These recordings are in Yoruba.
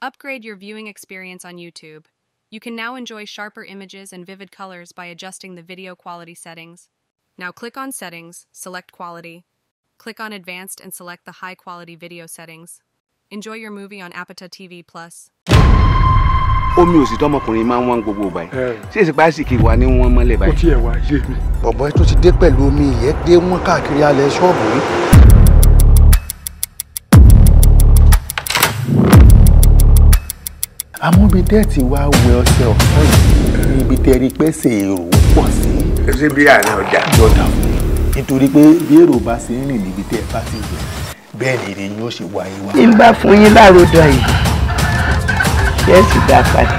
Upgrade your viewing experience on YouTube. You can now enjoy sharper images and vivid colors by adjusting the video quality settings. Now click on Settings, select Quality. Click on Advanced and select the High Quality Video settings. Enjoy your movie on Apata TV+. Plus. omi gbogbo ṣé wà ní wọ́n ó ti ẹ̀ wá mi. bọ̀bọ̀ tó ti dé pẹ̀lú omi dé wọ́n káàkiri alẹ́ àmọ́ bí dẹ́ẹ̀tì wá wẹ ọṣẹ ọ̀sán yìí ibi tẹ́rí pẹ́sẹ̀ èrò pọ̀ sí. ṣé bí àná ọjà. yọ̀dà fún mi nítorí pé bí èrò bá ṣe ń rìn níbi tẹ́ ẹ bá ti rìn bẹ́ẹ̀ ni èrè yóò ṣe wáyé wá. tí n bá fún yín lárodọ yìí ṣé ẹ sì dá padà.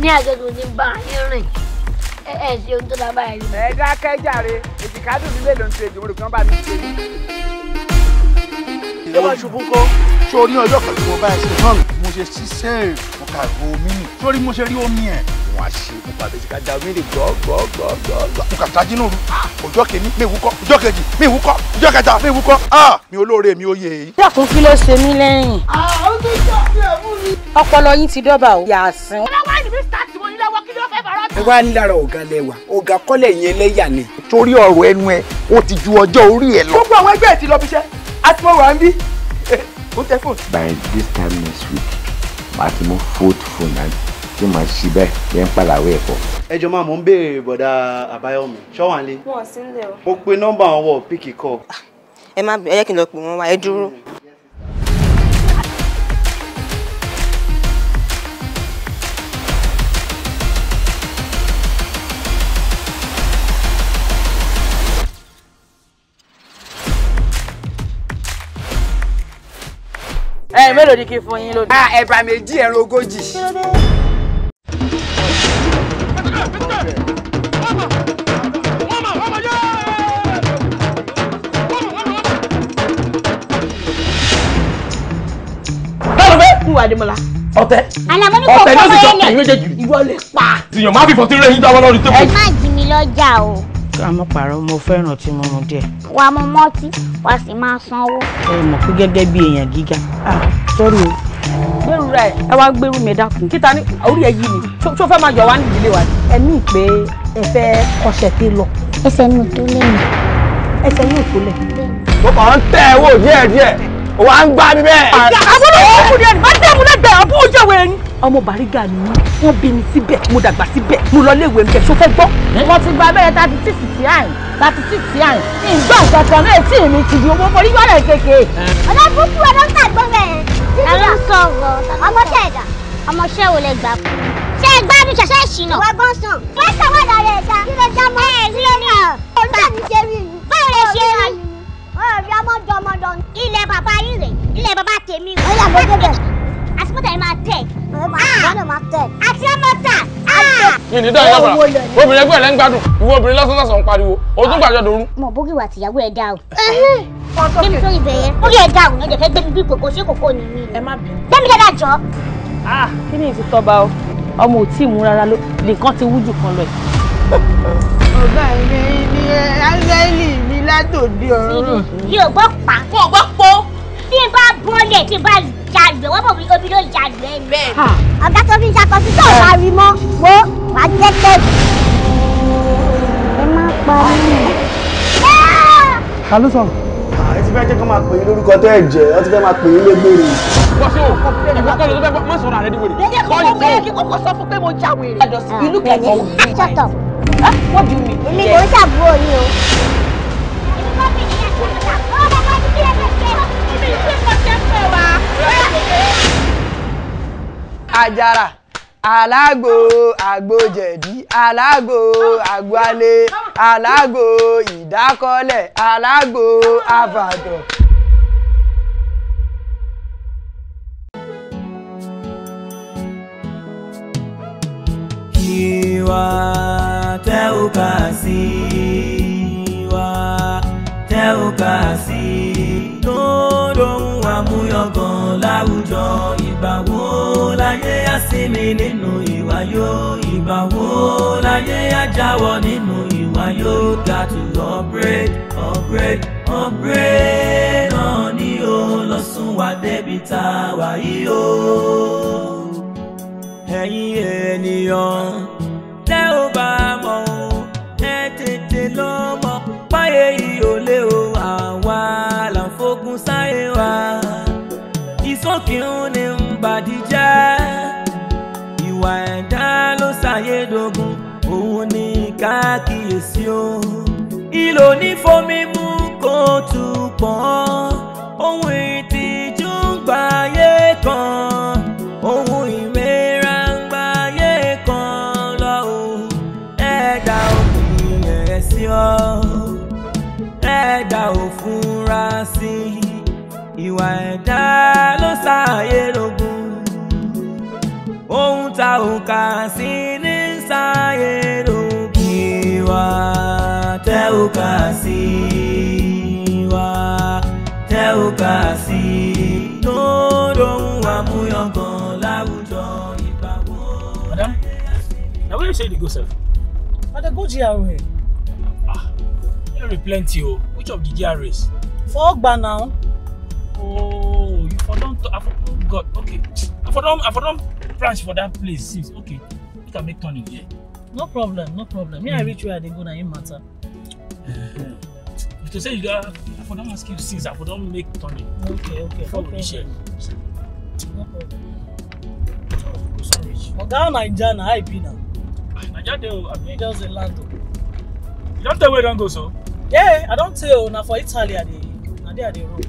ní àgẹ́gùn ní bá yín rìn ẹ ẹ ṣe ohun tó dá báyìí. ẹ dákẹ́ jàre èjìká dùn nílé ló ń ṣe ìdìbò kan bá mi ṣe. ìyá wọn ṣubú kó. sórí ọjọ́ kan tí mo bá ẹ ṣe náà mo ṣe ṣiṣẹ́ mo kà gbòó mí nì sórí mo ṣe rí omi ẹ̀ wọn àṣe pupa bẹ́ẹ̀ ká da omi lè gbọ́ gbọ́ gbọ́ gbọ́. mo kà sáájú náà ọjọ́ kìíní mi ìwúkọ́ ọjọ́ kejì mi ìwúkọ́ ọjọ́ kẹta mi ìwúkọ́ mi olóore mi oyè. dákun kí ló ṣe mí lẹ́yìn. ọpọlọ yín ti dọ́bà o. yàásín. ọlọ́wọ́ ìdìbò ẹ wá ń lára ọ̀gá lẹ́wà ọ̀gá kọ́lẹ̀ yẹn lẹ́yà ni. torí ọ̀rọ̀ ẹnu ẹ ó ti ju ọjọ́ orí ẹ lọ. gbogbo àwọn ẹgbẹ́ ẹ ti lọ fiṣẹ́ àti mo wà ń bí. by this time next week màá ti mú fold phone náà tí màá ṣí bẹ́ẹ̀ yẹn ń pàlàwé ẹ̀kọ́. ẹ jọ máa mò ń béèrè bọ̀dà àbáyọ̀mí ṣọ́wánlé. wọn ò sí nílé o. mo pe nọ́mbà wọn wọ píkì kọ. ẹ má ẹ yẹ kí n lọ pè wọn wá ẹ dúró. ẹ mélòó ni kí n fún yín lónìí. Ah, ẹ̀bà méjì ẹ̀rọ ogójì adimola. ọ̀tẹ̀ ọ̀tẹ̀ ní ọsì jọ ẹyin méjèèjì. ìwọ lè pa. tìyàn máa fi fọtí rẹ yín dáwọ lórí tébù. ẹ má jí mi lọ́jà o. ká mọ̀ pààrọ̀ mo fẹ́ràn tí mo mu díẹ̀. wàá mu mọ́tí wàá sì máa sanwó. ẹ mọ̀ pé gẹ́gẹ́ bí èèyàn gíga. ah sọ́rí o àdúrà ẹ ẹ wá ń mi dákun kíta ní orí ẹ yí mi tó fẹ́ máa jọ wá ní ìdílé wa. ẹ ní ìpè ẹ fẹ́ kọsẹ̀ tí lọ. ẹsẹ̀ mi tó lẹ́nu. ẹsẹ̀ yóò tó lẹ̀. mo kàn ń tẹ ẹ wò díẹ̀ díẹ̀ o ń gbá mi bẹ́ẹ̀. àbúrò wọn kù ní ẹni máa dẹ́mu lẹ́gbẹ̀ẹ́ àbú ojú ẹ̀wẹ̀ ẹni. ọmọ bàrígà ni mí wọn bí mi síbẹ̀ mo dàgbà síbẹ̀ mo lọ léèwé mi kẹ̀sọ́ fẹ́ gbọ́. mo ti gba abẹ́rẹ́ thirty six ti àìn thirty six ti àìn ìgbà kankan náà tí mi ti di owó mo rí wàhálà kékeré. ọ̀dọ́ búkú ọ̀dọ́ ń tàgbọ́ bẹ́ẹ̀ ara sọ̀rọ̀ ọmọṣẹ́ ẹ̀dá ọmọṣẹ́ ò lè gbà fún ṣé ẹ gbádùn ṣẹṣẹ ìṣìnà. ìwà gan san. pásítọ̀ wà lára ẹ̀dá. kí ló já mọ́. ẹ ló ní ọ. olùkọ́ mi ṣe rí mi. báwo lè ṣe rí. ọ̀rọ̀ rí ọmọ jọ ọmọ jọ. ilẹ̀ bàbá yín rè ilẹ̀ bàbá tèmi rè. ọ̀rẹ́ àgbẹ̀ bẹ̀rẹ̀. àsìkò tẹ̀lé máa tẹ̀. Ah! àti ọmọ ta. Ah! mi ní dáhùn lábàrà obìnrin ẹgbẹ́ rẹ̀ ń gbádùn ìwọ obìnrin lásán ń pariwo ojú ah! gbàjọ́ dòru. mọ̀ bókì wà tìyàwó ẹ̀ dá o kan sókè. gbẹmí sórí ibẹ̀ yẹn orí ẹ̀ dàrú ẹ̀jẹ̀ fẹ́ gbẹmí bí kòkó ṣé kòkó ni mi. ẹ má bínú. gbẹmí dada jọ. ah kí ni ìtútọ́ bá o ọmọ ò tí ì mú rárá ló nìkan ti wú jù kan lọ yìí. ọ̀gá mi ni áńgẹ́lì mi látòdì ọ̀run. yóò gbọ́ pa. wọn ò gbọ́ po. bí n bá bọ́lẹ̀ tí n bá jàgbé wọ́n mọ̀ bí omi ló jàgbé mi. Ah. ọ̀gá tó fi ń ṣakọ sí tó bá rí mọ́ wo wàá jẹ́ tẹ̀sí. ẹ má pa mí. ta ló sọ̀rọ̀ fẹ́ jẹ́ kó máa pè é lórúkọ tẹ́ ẹ̀ jẹ́ wọ́n ti fẹ́ máa pè é légbèrè. bọ́sọ̀ ìwọ kọ́ ló tó fẹ́ mọ́ sọ̀rọ̀ àrẹ díwèrè. jẹ́jẹ́ kí wọ́n bẹ́ẹ̀ kí kókó sọ fún pé mo já ni o alágbo àgbòjẹ̀dí alágbo àgbòalé alágbo ìdákọ́lẹ̀ alágbo àbàdàn. ìwà tẹ́ ò kà sí ìwà tẹ́ ò kà sí tó lóhun àmúyangàn láwùjọ ìgbà láyé á sinmi nínú ìwà yó ìgbà wo láyé á jáwọ́ nínú ìwà yó got to upgrade upgrade upgrade náà ni ó lọ sún wa débi tá a wà yìí ó. ẹ̀yin ènìyàn tẹ́ ò bá mọ̀ o ẹ tètè lọ́mọ páyé yìí ò lé o àwa là sáyé wa ìsókè ń ní ń bàdí jẹ́ ìwà ẹ̀dá ló ṣàyédògún òun ní káàkiyèsí o ìlò ní fomi mú kó tù pọ̀ ohun ìtìjú ń gbáyé kan ohun ìmẹ́ra ń kan lọ o ẹ̀dá òfin ẹ̀ sí ọ ẹ̀dá òfúnra sí ìwà ẹ̀dá. Tauka sinin saye rukiwa Tauka siwa Tauka si Toro wa muyongo láwùjọ ibawo Madam, now where you say you go sir? Ada go GRA. Ah, there plenty oh. Which of the GRAs? For Ogba now. Oh, you for don I for oh God, okay. I for don I for don branch for that place since okay you can make turning here. no problem no problem me mm. i hmm. reach where i dey go na im matter. Uh, eh, to say you don i for them ask you since i for them make turning. okay okay no problem no problem. oga naija na I e be now. Ah, dey o abi. you e just dey land you don't tell where you don't go so. yeah i don't tell Now for italy i dey Now there are the road.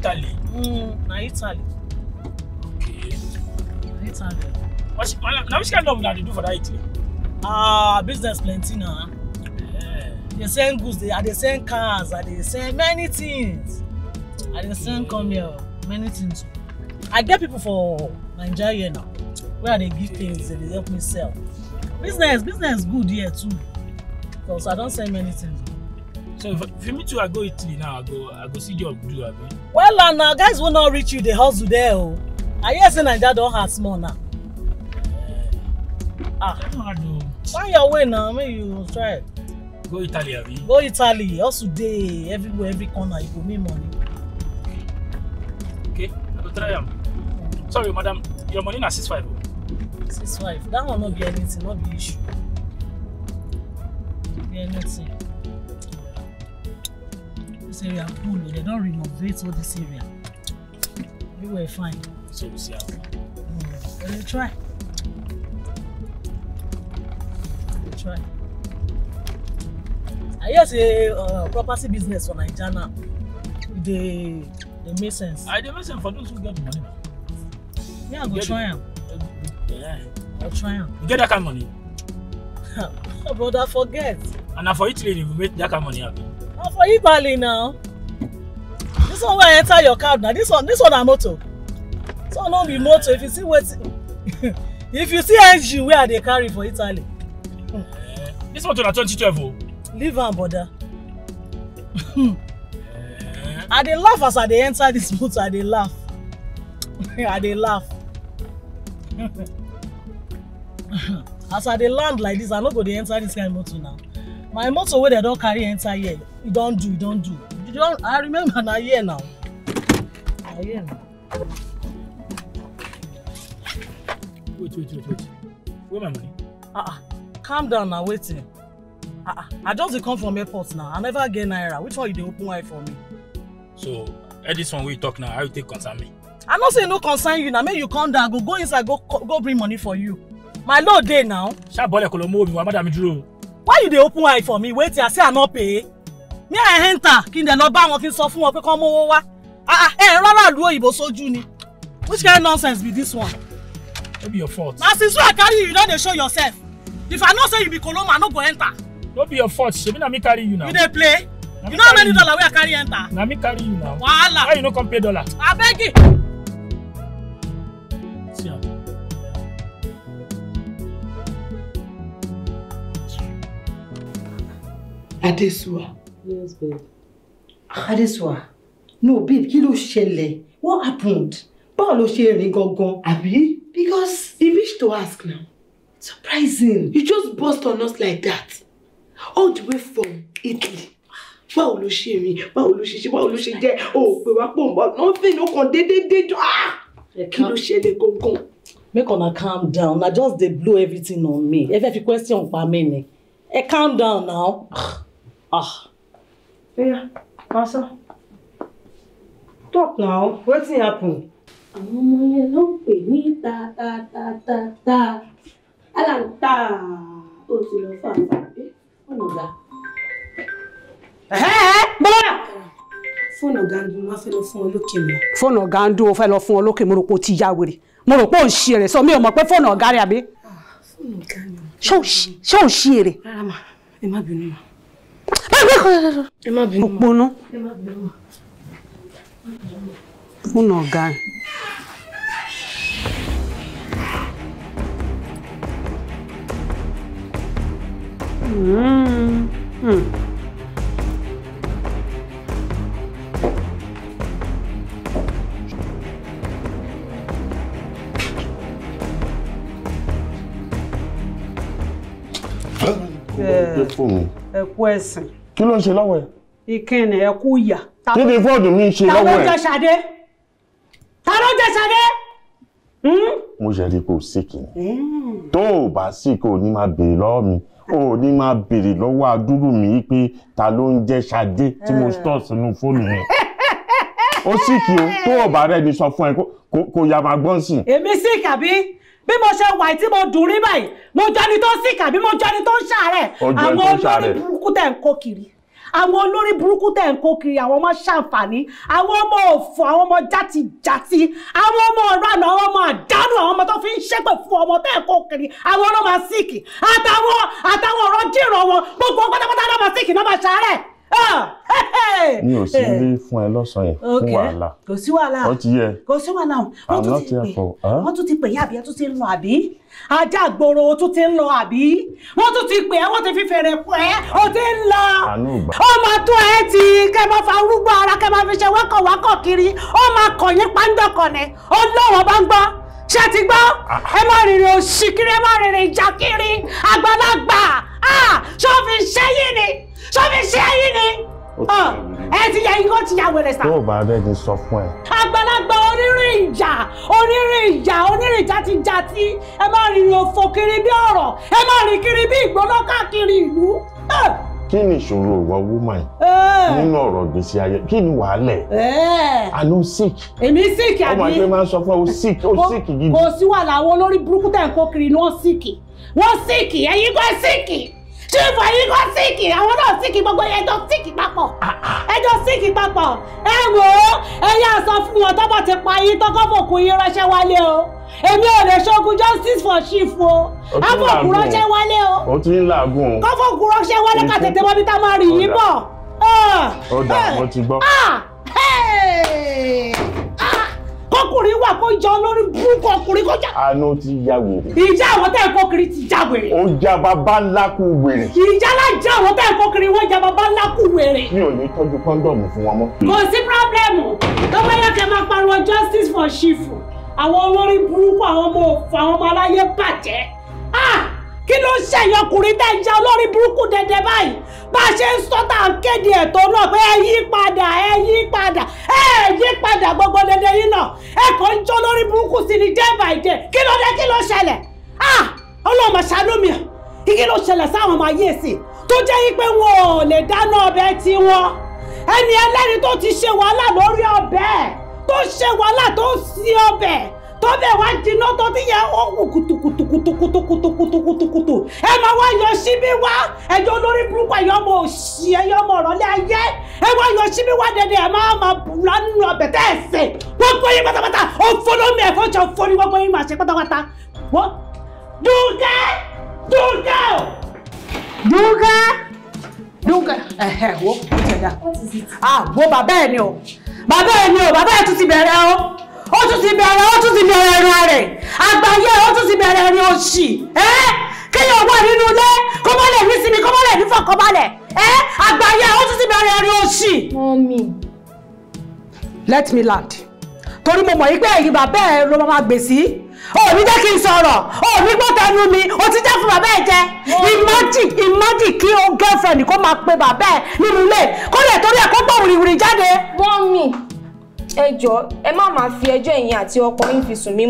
italy. Mm, Now italy eight hundred. na which kind of na dey do for that italy. ah business plenty now. I dey send goods, they are dey send cars, I dey send many things. I dey send come here, many things. I get people for Nigeria now Where they give things, they help me sell. Business, business good here too. Because I don't send many things. So if, if me too, I go Italy now, I go I go see job do abi. Well, now, guys will not reach you dey hustle there Oh i hear say naija don have small now ah find your way now? May you try go italy abi go italy also day everywhere every corner you go make money okay i go try am sorry madam your money na six five six five that will not be anything Not be issue be anything this area cool o they don renovate all this area everywhere fine. So you see how. Mm. Will you try? Will you try? I hear say uh, property business for Naija now. They they make sense. I dey make sense for those who get money. Yeah, I go try am. Yeah. I'll try am. You get that kind of money? Oh, brother, forget. And na for Italy you make that kind of money happen. Na for Italy now. This one wey I enter your card now. this one this one na motor turn on the motor if you see wetin if you see engine wey i dey carry for italy. Mm. this motor na twenty twelve o. leave am boda. Hmm. i dey laugh as i dey enter this motor i dey laugh i dey laugh as i dey land like this i no go dey enter this kind motor now my motor wey dem don carry enter here e don do e don do e don i remember na here now na here now wait, wait, wait, wait. Where my money? Ah, ah. calm down now, waiting. Eh. Ah, ah, I just come from airport now. I never get naira. Which one you dey open eye for me? So, eh, this one wey talk now, how you take concern me? I not say no concern you now. make you come down go go inside go go bring money for you. My lord, day now. Ṣàbọ̀lẹ̀ kò lọ wa, Why you dey open eye for me? Wait I say I not pay. Me I enter kí n dẹ̀ lọ bá wọn kí n sọ fún wọn ah, ah eh, ẹ̀ ń rárá ìlú òyìnbó sójú ni. Which kind of nonsense be this one? no be your fault. Now since wey i carry you you don't dey show yourself if i know say you be coloma, i no go enter. no be your fault shebi na me carry you now. you dey play na you know how many dollar we i carry enter. na me carry you now. wahala why you no come pay dollar. I beg you. see am. Adesua. Yes, babe. Adesua. No, babe, Kilo ló What happened? Báwo ló ṣe rìn gangan? Àbí? Because he wished to ask now. Surprising. You just burst on us like that. All the way from Italy. Báwo ló ṣe me. Báwo ló ṣe ṣe? Báwo ló ṣe jẹ́? O we're wá pọ̀ mọ́. Nothing they. kàn déédéé déjọ́. Ah! Kí ló Go, go. Make on a calm down. Na just they blow everything on me. Ẹ fẹ́ question pa mí ni. Ẹ calm down now. Yeah. Ah! pàṣẹ. Talk now. Wetin happen? àwọn ọmọ yẹn ló ń pè ní ta ta ta ta ta aláǹtà ó ti lọ fà fà pé ọ̀nà ọ̀gá. bọ́lá fóònù ọ̀gá ń dún wọ́n fẹ́ lọ fún ọ lókè mọ́. fóònù ọ̀gá ń dún wọ́n fẹ́ lọ fún ọ lókè mo rò pé ó ti ya wèrè mo rò pé ó ń ṣe rẹ̀ sọ mi ò mọ̀ pé fóònù ọ̀gá rẹ̀ àbí. Ah, fóònù ọ̀gá mi ṣé ò ń ṣe èrè. rárá ma ẹ má bínú ma. ẹ má bínú ma. òpónú. ẹ má bínú ma. fóònù ọ̀gá rẹ̀. Mm. ẹ̀kú ẹ̀sìn. kí ló ń ṣe lọ́wọ́ ẹ̀. ìkíni ẹ̀kú ìyà. kí ni fọ́ọ̀dù mi ṣe lọ́wọ́ ẹ̀. ta ló jẹ Ṣadé ta ló hmm? mo ṣe rí i kó hmm. tó o bá sí o ní máa béèrè lọ́wọ́ mi ò ní máa béèrè lọ́wọ́ adúrú mi pé ta ló ń jẹ́ Ṣadé tí mo eh. stọ̀ sínú fóònù yẹn ó sì kí o tó ọ̀bà rẹ ni sọ fún ẹ kó ya máa gbọ́n sí. èmi sì kàbí bí mo ṣe wà tí mo dùn rí báyìí mo jọ tó sì kàbí mo jọ tó ń ṣàárẹ̀ àwọn olórí burúkú tẹ̀ ń kó kiri àwọn olórí burúkú tẹ̀ ń kó kiri àwọn ọmọ ṣàǹfààní àwọn ọmọ òfò àwọn ọmọ játijàti àwọn ọmọ ọ̀rànà àwọn ọmọ àdánù àwọn ọmọ tó fi ń ṣépè fún ọmọ tẹ̀ ń kó kiri àwọn ọlọ́mà síkì àtàwọn àtàwọn ọ̀rọ̀ jìrọ̀ wọn gbogbo pátápátá ọlọ́mà síkì náà máa ṣàárẹ̀. Ah, mi ò sí ilé fún ẹ lọ́sàn-án yẹn fún wàhálà kò sí wàhálà ó ti yẹ kò sí wàhálà wọ́n tún ti pè wọ́n tún ti pè yá àbí ẹ tún ti ń lọ àbí ajá gbòòrò tún ti ń lọ àbí wọ́n tún ti pè ẹ wọ́n ti fi fèrè pọ̀ ẹ ó ti ń lọ ó máa tó ẹ ti kẹ máa fa arúgbó ara kẹ máa fi ṣe wákọ̀wákọ̀ kiri ó máa kọ̀ yín pàǹdọ̀kọ̀nẹ́ ó lọ́wọ́ bá ń gbọ́ ṣé ti gbọ́ ah. ẹ má rìnrìn òṣì kiri ẹ má rìnrìn ìjà kiri àgbàlagbà ah, ṣó fi ṣẹ́yìn ni sọ́mi ṣé ayé ni ẹ ti yẹ ikọ́ ti ya wẹ̀rẹ̀ sá. yóò bá bẹ́ẹ̀ ni sọ fún ẹ. àgbàlagbà onírìn ìjà onírìn ìjà onírìn ìjà ti jà tí ẹ máa rìnrìn òfò kiri bí ọ̀rọ̀ ẹ máa rìn kiri bí ìgbóná káàkiri ìlú kí ni ìṣòro ìwà woman nínú ọ̀rọ̀ gbèsè ayé kí ni wàhálẹ̀ àná sick èmi sick àbí ọmọ ẹgbẹ́ máa ń sọ fún ọ sick ó sick gidi. kò sí wàhálà àwọn olórí burúkú tẹ̀ ń kó kiri ni wọ́n sick wọ́n sick ẹ̀yin gbọ́ sick chief ẹ̀yin kan síkì àwọn náà síkì gbogbo yẹn jọ síkì papọ̀ ah, ah. ẹ jọ síkì papọ̀ ẹ wò ó ẹ̀yin àsọ fún wọn tọ́bọ̀ ti pa yín tọ́kọ́ fòkù yín ránṣẹ́ wálé o èmi ò lè ṣogun justice for chief o àfòkù ránṣẹ́ wálé o ó ti ń làágùn o kọ́fòkù ránṣẹ́ wálé ká tètè mọ́bí tá a máa rìn yín bọ̀. ó dà ah. mo ti gbọ́. ah! hey! ah! kọkùnrin wà kó jẹ olórí burúkú ọkùnrin kó jà. àánú ti ya wèrè. ìjà àwọn tẹ́ ẹ̀ kó kiri ti já wèrè. ó já bàbá ńlá kú wèrè. ìjà alájà àwọn tẹ́ ẹ̀ kó kiri wọ́n já bàbá ńlá kú wèrè. mi ò ní tọ́jú kọ́ńdọ̀mù fún wọn mọ́. kò sí pírọ́blẹ́mù tó bá kẹ́ máa pariwo justice for Shifu àwọn olórí burúkú àwọn ọmọ òfò àwọn ọmọ aláyé bàjẹ́. ah kí ló ń ṣẹ̀yìn ọkùnrin tẹ́ ń jẹ́ olórí burúkú dẹ̀dẹ̀ báyìí bá a ṣe ń sọ tá à ń kéde ẹ̀tọ́ náà pé ẹ yí padà ẹ yí padà ẹ yí padà gbogbo dẹ̀dẹ̀ yìí náà ẹ kàn ń jẹ́ olórí burúkú sí ni day by day kí ló dé kí ló ṣẹlẹ̀ ah ọlọ́mọ ṣàánú kí ló ṣẹlẹ̀ sáwọn ọmọ ayé sí tó jẹ́ yí pé wọn ò lè dáná ọbẹ̀ tiwọn ẹni ẹlẹ́ni tó ti ṣe wàhálà lórí ọbẹ̀ tó ṣe wàhálà tó sí ọbẹ̀ tó bẹ̀ wá jiná tó ti yẹ ó wù kùtùkùtùkùtùkùtùkùtùkùtù ẹ máa wá yọ síbí wá ẹjọ́ olórí burúkú ẹ̀yọ́ ọmọ òsì ẹ̀yọ́ ọmọ ọ̀rọ̀lẹ́ ayé ẹ wá yọ síbí wá dẹ̀dẹ̀ ẹ máa máa lánú ọbẹ̀ tẹ́ ẹ̀ sẹ̀ gbogbo yín pátápátá ó fọlọ́mì ẹ̀fọ́ jọ fọ́ni gbogbo yín máa ṣe pátápátá wọ́n dúkẹ́ dúkẹ́ o dúkẹ́ dúkẹ́ ẹ̀hẹ̀ wo ó ti ẹ̀dá ah wo bàbá ẹ̀ ni o bàbá ẹ̀ ni o bàbá ẹ̀ tún ti bẹ̀rẹ̀ o ó tún ti bẹ̀rẹ̀ ó tún ti bẹ̀rẹ̀ ẹ̀rìn rẹ̀ àgbáyé ó tún ti bẹ̀rẹ̀ ẹ̀rìn òṣì kéèyàn wà nínú ilé kó má lè ní sinmi kó má lè ní fọkànbalẹ̀ àgbáyé ó tún ti bẹ̀rẹ̀ ẹ̀rìn òṣì. mọ́mí. let me land torí mo mọ̀ yí pé ẹ̀yin bàbá ẹ̀ ló máa gbè sí òní jẹ́ kí n sọ̀rọ̀ òní gbọ́tẹnu mi o ti jẹ́ fún bàbá ẹ̀ jẹ́ ìmájì ìmájì kí o girlfriend kó máa pe bàbá ẹ̀ nínú ilé kó lè torí ẹ̀ kó gbọ́ wìrìwìrì jáde. mọ́mí ẹ jọ̀ọ́ ẹ má máa fi ẹjọ́ ẹ̀yin àti ọkọ yín fi sùn mí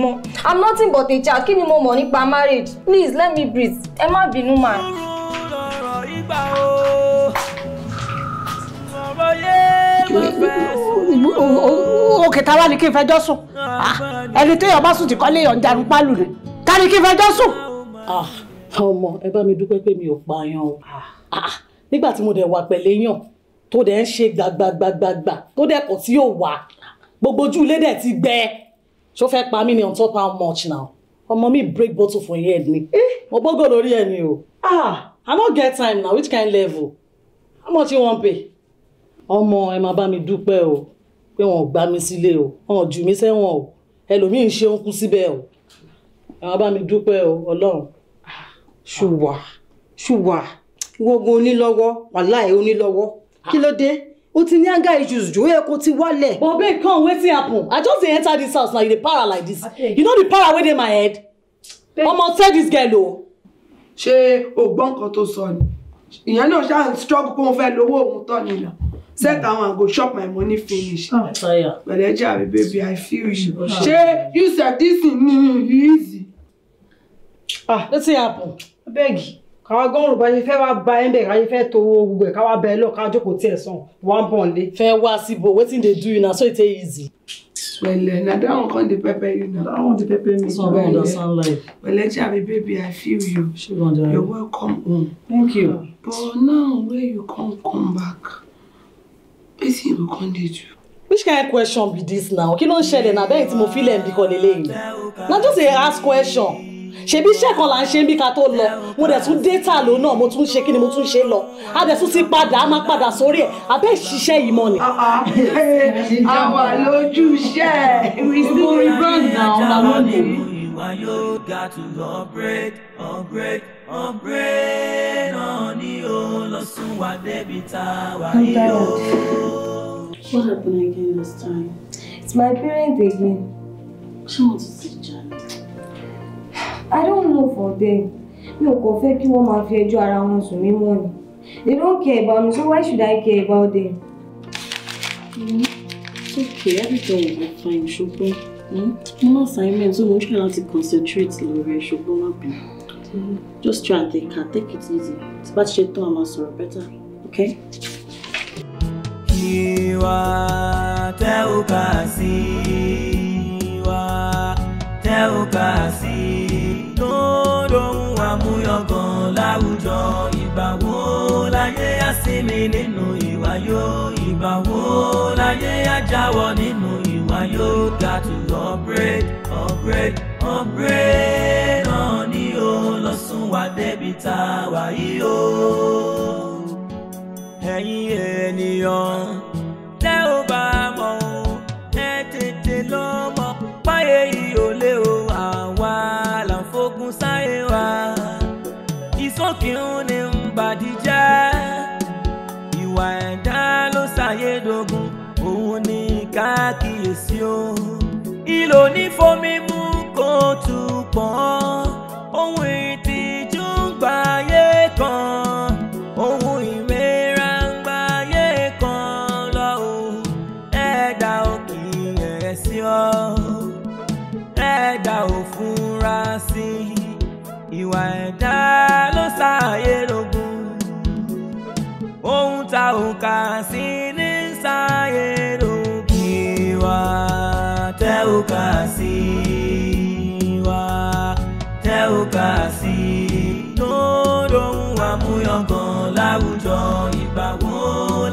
i'm nothing but a child kí ni mo mọ̀ nípa marriage please let me breathe ẹ má bínú mà. òkè táwa ni kí n fẹjọ́ sùn ah, ẹni téèyàn bá sùn ti kọ́ léèyàn jarun pálù ni ta ni kí n fẹjọ́ sùn. Ah, ọmọ ẹ bá mi dúpẹ́ pé mi ò pààyàn o ah. nígbà tí mo dẹ̀ wà pẹ̀lẹ́yàn tó dẹ̀ ń ṣe gbàgbàgbàgbà tó dẹ̀ kọ̀ tí yóò wà gbogbo ojú ilé dẹ̀ ti gbẹ ṣó fẹ́ pa mí ni on top how much now ọmọ mi break bottle for your head ni eh? mo gbógò lórí ẹ ni o ah i no get time now which kind level how much you wan pay ọmọ ẹ máa bá mi dúpẹ́ o pé wọn ò gbá mi sílé o wọn ò jù mí sẹ́wọ̀n o ẹlòmíín ṣe ń kú síbẹ̀ o ẹ máa bá mi dúpẹ́ o ọlọ́run. ṣùwà ṣùwà ìwọ ogun onílọ́wọ́ wàláì onílọ́wọ́ kí ló dé o ti ní anger issues jù ó yẹ kó ti wálẹ̀. but babe wetin happen i just dey enter this house now you dey para like this okay. you know the para wey dey my head ọmọ tell this girl o. ṣé o gbọ́ nǹkan tó sọ ni ìyẹn náà ṣáà struggle pé òun fẹ́ lówó òun tọ́ nìyà set down and go chop my money finish. Ah. pẹ̀lẹ́ jẹ́ àbí baby i feel you. ṣé you sef dis thing ni easy. ah wetin happen. abeg káwa gọ́rùn bá ṣe fẹ́ wá bá ẹ̀ ń bẹ̀ ká ṣe fẹ́ tó owó gbogbo ẹ̀ káwa bẹ̀ ẹ́ lọ ká jókòó tiẹ̀ sàn wá ń bọ̀ ń lé. fẹ́ wá síbò wetin dey do you na so e take easy. wẹlẹ na that one come dey pepper you na that one dey pepper me. this one don understand life. wẹlẹ jabi baby i feel you. you welcome home. thank you. but now wey you come come back wetin you go come dey do. which kind of question be this now kí ló ń ṣẹlẹ̀ na bẹ́ẹ̀ tí mo fi lẹ́ẹ̀ bí kọ́ lélẹ́yìn na just dey ask question ṣebí iṣẹ́ kan là ń ṣe bí ká tó lọ mo dẹ̀ tún data lò náà mo tún ṣe kí ni mo tún ṣe lọ a dẹ̀ tún ti padà a máa padà sórí ẹ̀ abẹ́ ìṣiṣẹ́ yìí mọ́ ni. àwa ah, ah, lójú iṣẹ́ ìwé brand náà ọ̀la ló ń bò. Why to upgrade, upgrade, upgrade on the old Osunwa Debita Wayo. What happened again this time? It's my parents again. I don't know for them. Mi ò kàn fẹ́ kí wọ́n máa fi ẹjọ́ ara wọn sùn mí mọ́ ni. They don't care about me, so why should I care about them? Mm-hmm. it's okay, everything will be fine, ṣùgbọ́n mm-hmm. mo ní assignment so mo ń try láti concentrate lórí ẹ̀ ṣùgbọ́n má bínú. Mm-hmm. Just try and take care, take it easy. Tí bá ti ṣe tán, a máa sọ̀rọ̀ better, okay? Ìwà tẹ́ ò kà sí wa ẹ ò kà sí i tó dohun àmúyangàn láwùjọ ìgbà láyé á nínú ìwà yó láyé á nínú ìwà yó got to upgrade upgrade upgrade náà ni ó lọ sún wa débi tá a wà yí o ẹ̀yin ènìyàn. sókè ń ní bàdí jẹ́ ìwà ẹ̀dá ló ṣàyédògún òun ní káàkiyèsí o ìlò ní fomi mú kó tù pọ̀ ohun ìtìjú ń gbàyé kan. teuka sini sayerukiwa teuka siwa teuka si lódohun àmúyangàn láwùjọ ìgbà wo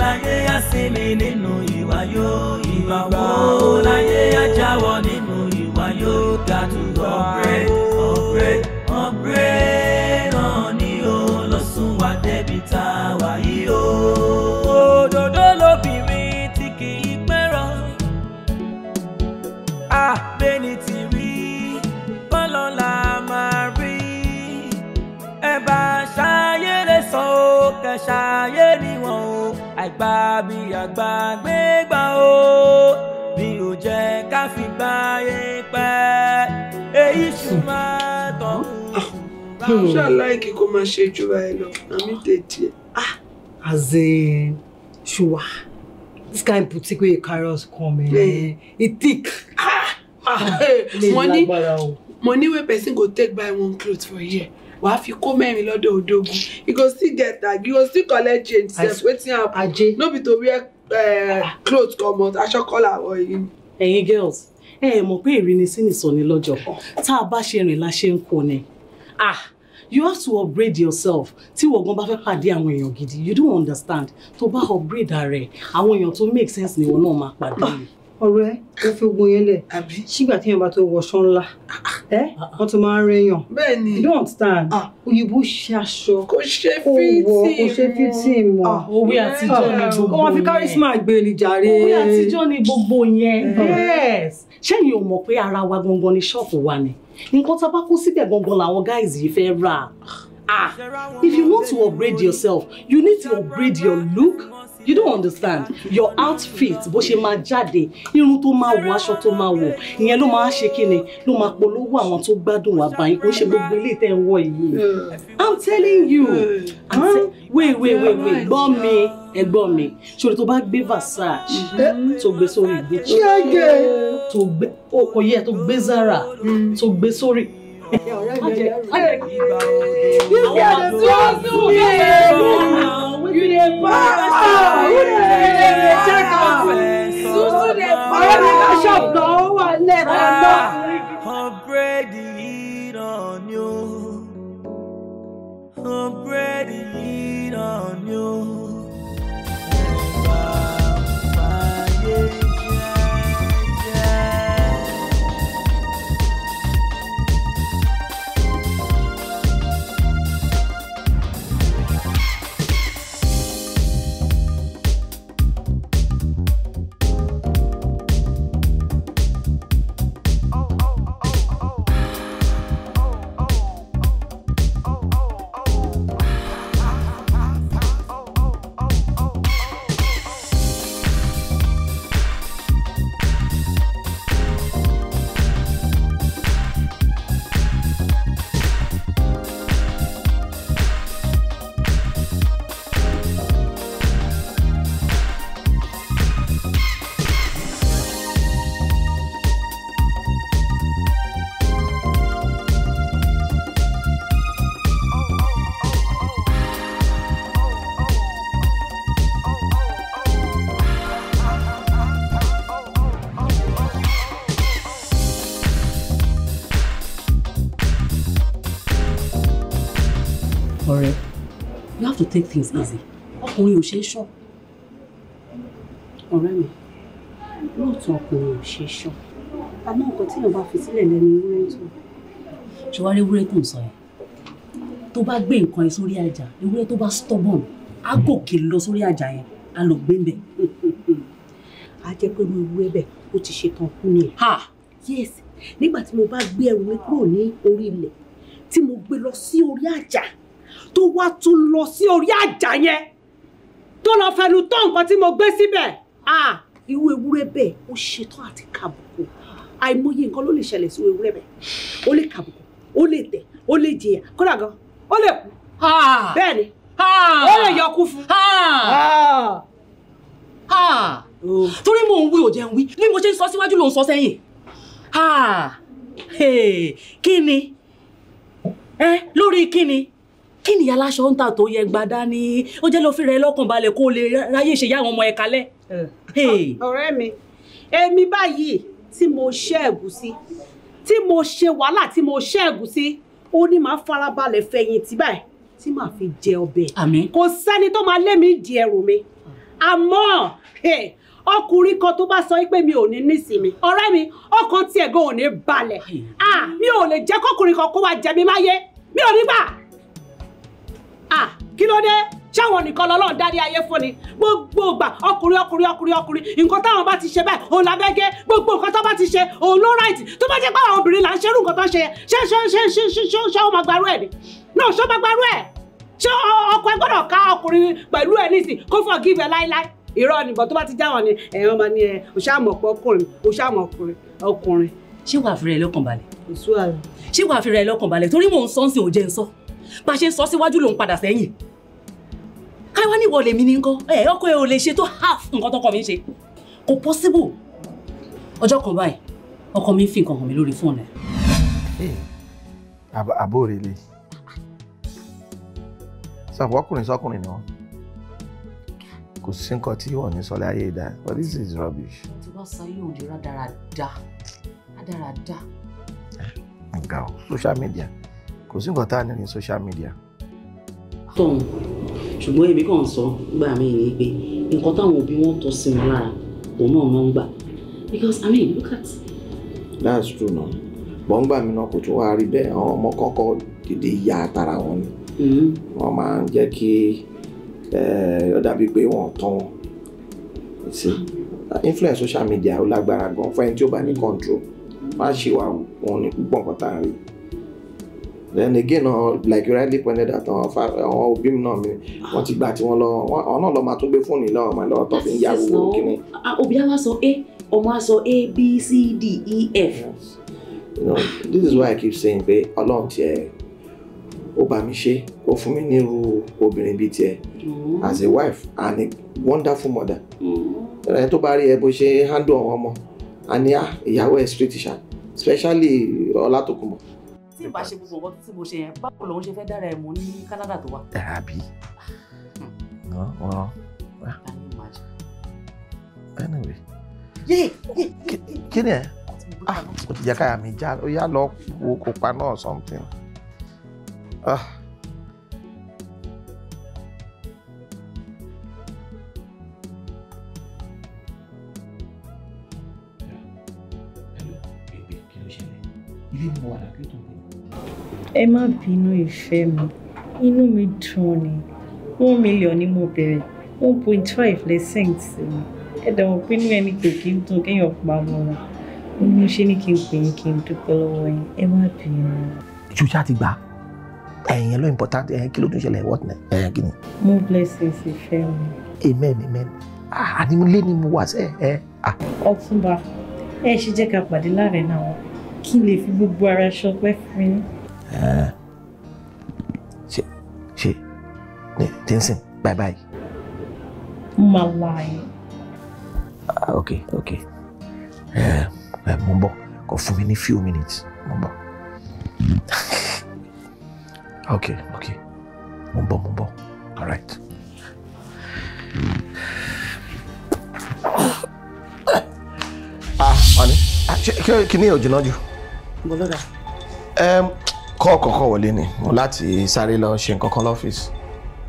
láyé àsinmi nínú ìwà yóò ìgbà wo láyé àjáwọ́ nínú ìwà yóò gàdúrà rẹ̀. gbà bí àgbà gbé gbà o mi ò jẹ́ ká fi gbà yé pẹ́ èyí ṣùgbọ́n tọ̀hún. ṣàlàyé kí kò máa ṣe jù báyìí lọ àmì tètè. ah as in ṣùwà this kind boutique wey carry us come hmm. eh e thick. ah ah money money wey person go take buy one cloth for here wàá fi kó mẹ́rin lọ́dọ̀ òdògùn you go still get tag you go still collect change sef wetin happen no be to wear uh, eh, cloth comot aṣọ kọ́là wọ yìí. ẹ̀yin girls ẹ ẹ mọ̀ pé ìrìnnìsí nìsọ ni lọ́jọ́ tá a bá ṣe rìn la ṣe ń kó ni ah you have to upgrade yourself tí wọ́n gan bá fẹ́ pàdé àwọn èèyàn gidi you don't understand tó bá upgrade ara ẹ̀ àwọn èèyàn tó make sense ni wọ́n náà máa pàdé ọ̀rẹ́ ó fi ogun yẹn lẹ̀ sígbà tí èèyàn bá tó wọṣọ ńlá ẹ ah, ah. wọn tún máa ń rẹyàn bẹ́ẹ̀ni you don't understand ah. òyìnbó ṣe aṣọ kò ṣe fìtì mọ òwe àtijọ́ ni gbogbo yẹn kó wọn fi kárísímà gbé ni jàre òwe àtijọ́ ni gbogbo yẹn eh. yes ṣẹ́yìn ò mọ̀ pé ara wa gangan ni ṣọ́ọ̀pù wa ni nǹkan tá a bá kó síbẹ̀ gangan làwọn guys yìí fẹ́ rà ah if you want to upgrade yourself you need to upgrade your look you don't understand your outfit bó ṣe máa jáde irun tó máa wọ aṣọ tó máa wọ ìyẹn ló máa ṣe kíni ló máa polówó àwọn tó gbádùn wà kò ṣe gbogbo ilé tẹ́ ń wọ yìí i'm telling you hmm. wait wait wait wait gbọ́ mi ẹ̀gbọ́n mi ṣòro tó bá gbé versace hmm. tó gbé sórí ìgbé tó gbé okò yẹ tó gbé zara hmm. tó gbé sórí àwọn àgbẹ̀ àwọn àgbẹ̀ up, take things easy ọkùnrin ò ṣe é ṣọ́ ọ̀rẹ́ mi lóòótọ́ ọkùnrin ò ṣe é ṣọ́ àmọ́ nǹkan tí èèyàn bá fi sílẹ̀ lẹ́nu ewúrẹ́ tó ṣùwárí ewúrẹ́ tó ń sọ yẹn tó bá gbé nǹkan yẹn sórí àjà ewúrẹ́ tó bá stubborn á gòkè lọ sórí àjà yẹn á lọ gbé ń bẹ̀. a jẹ́ pé mo wú ẹbẹ̀ ó ti ṣetán kú ni. yes nígbà tí mo bá gbé ẹrù mi kúrò ní orí ilẹ̀ tí mo gbé lọ sí orí àjà. Si tó wá tún lọ sí orí àjà yẹn tó lọ fẹnu tó nǹkan tí mo gbé síbẹ̀ ah irú ewúrẹ́ bẹ́ẹ̀ ó ṣetán àti kàbùkù àìmọye nǹkan ló lè ṣẹlẹ̀ sí ewúrẹ́ bẹ́ẹ̀ ó lè kàbùkù ó lè tẹ̀ ó lè jìyà kódà gan ó lè kú bẹ́ẹ̀ ni ó lè yọkú fún oh. torí mò ń wí ò jẹun wí ni mo ṣe ń sọ síwájú ló ń sọ sẹ́yìn kí ni lórí kí ni kí ni aláṣọ ń ta tó yẹ gba dání ó jẹ́ ló fi rẹ lọ́kàn balẹ̀ kó o lè ráyè ṣe yá àwọn ọmọ ẹ̀ kalẹ̀. Eh. ọ̀rẹ́ mi èmi báyìí tí mo ṣe ẹ̀gúsí tí mo ṣe wàhálà tí mo ṣe ẹ̀gúsí ó ní máa farabalẹ̀ fẹ̀yìntì báyìí tí màá fi jẹ ọbẹ̀ kò sẹ́ni tó máa lé mi di ẹrù mi àmọ́ eh, ọkùnrin kan tó bá sọ pé mi ò ní nísìmí ọ̀rẹ́ mi ọkàn tiẹ̀ gan ò ní balẹ̀ ah, mi ò lè jẹ́ kọkùnrin kan kó wa jẹ mi máyé mi ò ní gbà ah kí ló dé ṣáwọn nìkan lọ́lọ́run dárí ayé fún ni gbogbo ìgbà ọkùnrin ọkùnrin ọkùnrin ọkùnrin nǹkan táwọn bá ti ṣe báyìí òun làbẹ́gẹ́ gbogbo nǹkan tó bá ti ṣe òun ló ráìtì tó bá jẹ́ pé àwọn obìnrin là ń ṣerú nǹkan tó ń ṣe ṣé ṣé ṣé ṣé ṣé ṣé ṣé ó máa gbarú ẹ̀ ni náà ṣé ó máa gbarú ẹ̀ ṣé ọkọ ẹ gbọ́dọ̀ ká ọkùnrin pẹ̀lú ẹ̀ nísìn kó forgive ẹ láíláí irọ́ nìkan tó bá ti jáwọn ni ẹ̀yàn máa ní ẹ ṣé wàá fi rẹ lọ́kàn balẹ̀. torí mò ń sọ́nsìn òjẹ́ ń sọ́ bá a ṣe ń sọ síwájú lòun padà sẹ́yìn káríwá ní ìwọlé mi ní nǹkan ẹ ọkọ ẹ ò lè ṣe tó half nǹkan tọkọ mi ń ṣe kò possible ọjọ́ kan báyìí ọkọ mi ń fi nǹkan hàn mí lórí fóònù ẹ. àbó rè lè sọ̀pọ̀ ọkùnrin sọkùnrin ni wọ́n kò sí nǹkan tí wọ́n ní sọ láyé dá but this is rubbish. tí wọ́n sọ yóò di rádaràda rádaràda. ọ̀gá o social media kò sí nǹkan tá a nílò social media. tọ́hún ṣùgbọ́n èmi kàn ń sọ gbà mí ni pé nǹkan táwọn òbí wọn tọ́ sí wọn lára òun náà náà ń gbà because i mean look at. that's true na gbọ̀ngbà mi náà kò tún wá rí bẹ́ẹ̀ àwọn ọmọ kọ́kọ́ dìde ya tara wọn ni mm-hmm. wọ́n máa ń jẹ́ kí eh, ó dàbí pé wọ́n tán wọn influence social media ó lágbára gan fún ẹni tí ó bá ní control má ṣe wà òun ní púpọ̀ nǹkan rí i then again uh, like you rightly pointed out àwọn uh, fa uh, àwọn òbí mi náà mi wọ́n ti gbà tí wọ́n lọ àwọn náà lọ máa tún gbé fóònù ìlọ ọmọ ìlọ tó fi ń yàwó kíni. òbí á wá sọ a ọmọ á sọ a b c d e f. you know this is why i keep saying pé ọlọ́run tiẹ̀ ó bá mi ṣe ó fún mi nírú obìnrin bíi tiẹ̀ mm-hmm. as a wife and a wonderful mother. Mm-hmm. ẹ tó bá rí ẹ bó ṣe handle àwọn ọmọ a ní ah, ìyàwó ẹ straight ṣá especially Ọlátòkùnbọ̀ tí ìbá ṣe gbogbo nǹkan tí mo ṣe yẹn báwo lòun ṣe fẹ́ dára ẹ̀ mú ní Canada tó wà. dàbí hmm. ọ̀rọ̀ anyway kí ni ẹ ah o ti jẹ káyà mi já o yá lọ wo kópa náà something. Ah. ilé mi ẹ má bínú ìfẹ́ mi inú mi dùn ni one million ni mo bẹ̀rẹ̀ one point five lẹ́sìn sí mi ẹ dẹ̀wọ̀n pé inú ẹni kò kí n dùn kéèyàn pa mọ́ra mo ṣe ní kí n pè yín kí n dúpẹ́ lọ́wọ́ yín ẹ má bínú. ṣùṣà ti gbà ẹ̀yìn ló important ẹ̀yìn kí ló tún ṣẹlẹ̀ what na ẹ̀yìn kí ni. more blessings ìfẹ́ mi. amen amen ah, àní mo lé ní mo wà sẹ́ ẹ. ọ̀túnba ẹ ṣe jẹ́ ká pàdé láàrin náà kí n lè fi gbogbo ara ṣọpẹ́ fún yín ṣe ṣe ní tí bye bye. mo máa la ah, ẹ. ok ok mo ń bọ̀ kò fún mi ní few minutes mo ń bọ̀. ok ok mo ń all right. ah honey ah, kí ni ò jìnnà jù. mo lọ́dà kọ́ kọ́kọ́ wọlé ni láti sáré lọ ṣe nǹkan kan lọ́fíìsì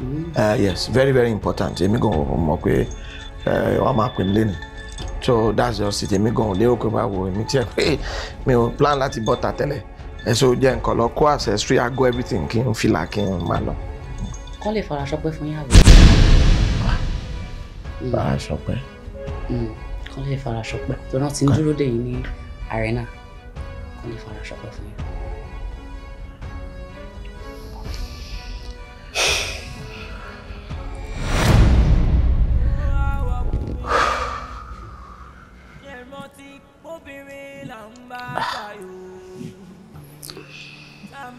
mm-hmm. uh, yes very very important èmi gan mọ̀ pé uh, wọ́n máa pè mí lẹ́nu so that's just it èmi gan lérò pé báwo èmi tiẹ̀ pé mi ò plan láti bọ́ta tẹ́lẹ̀ ẹ̀sọ́ jẹ́ nǹkan lọ kó accessory ago everything kí n fìlà kí n máa lọ. kọ́ lè fara ṣọpẹ́ fún yàrá fara mm. ṣọpẹ́. Mm. kọ́ lè fara ṣọpẹ́ tó náà ti ń dúró dè yín ní arena kọ́ lè fara ṣọpẹ́ fún yín.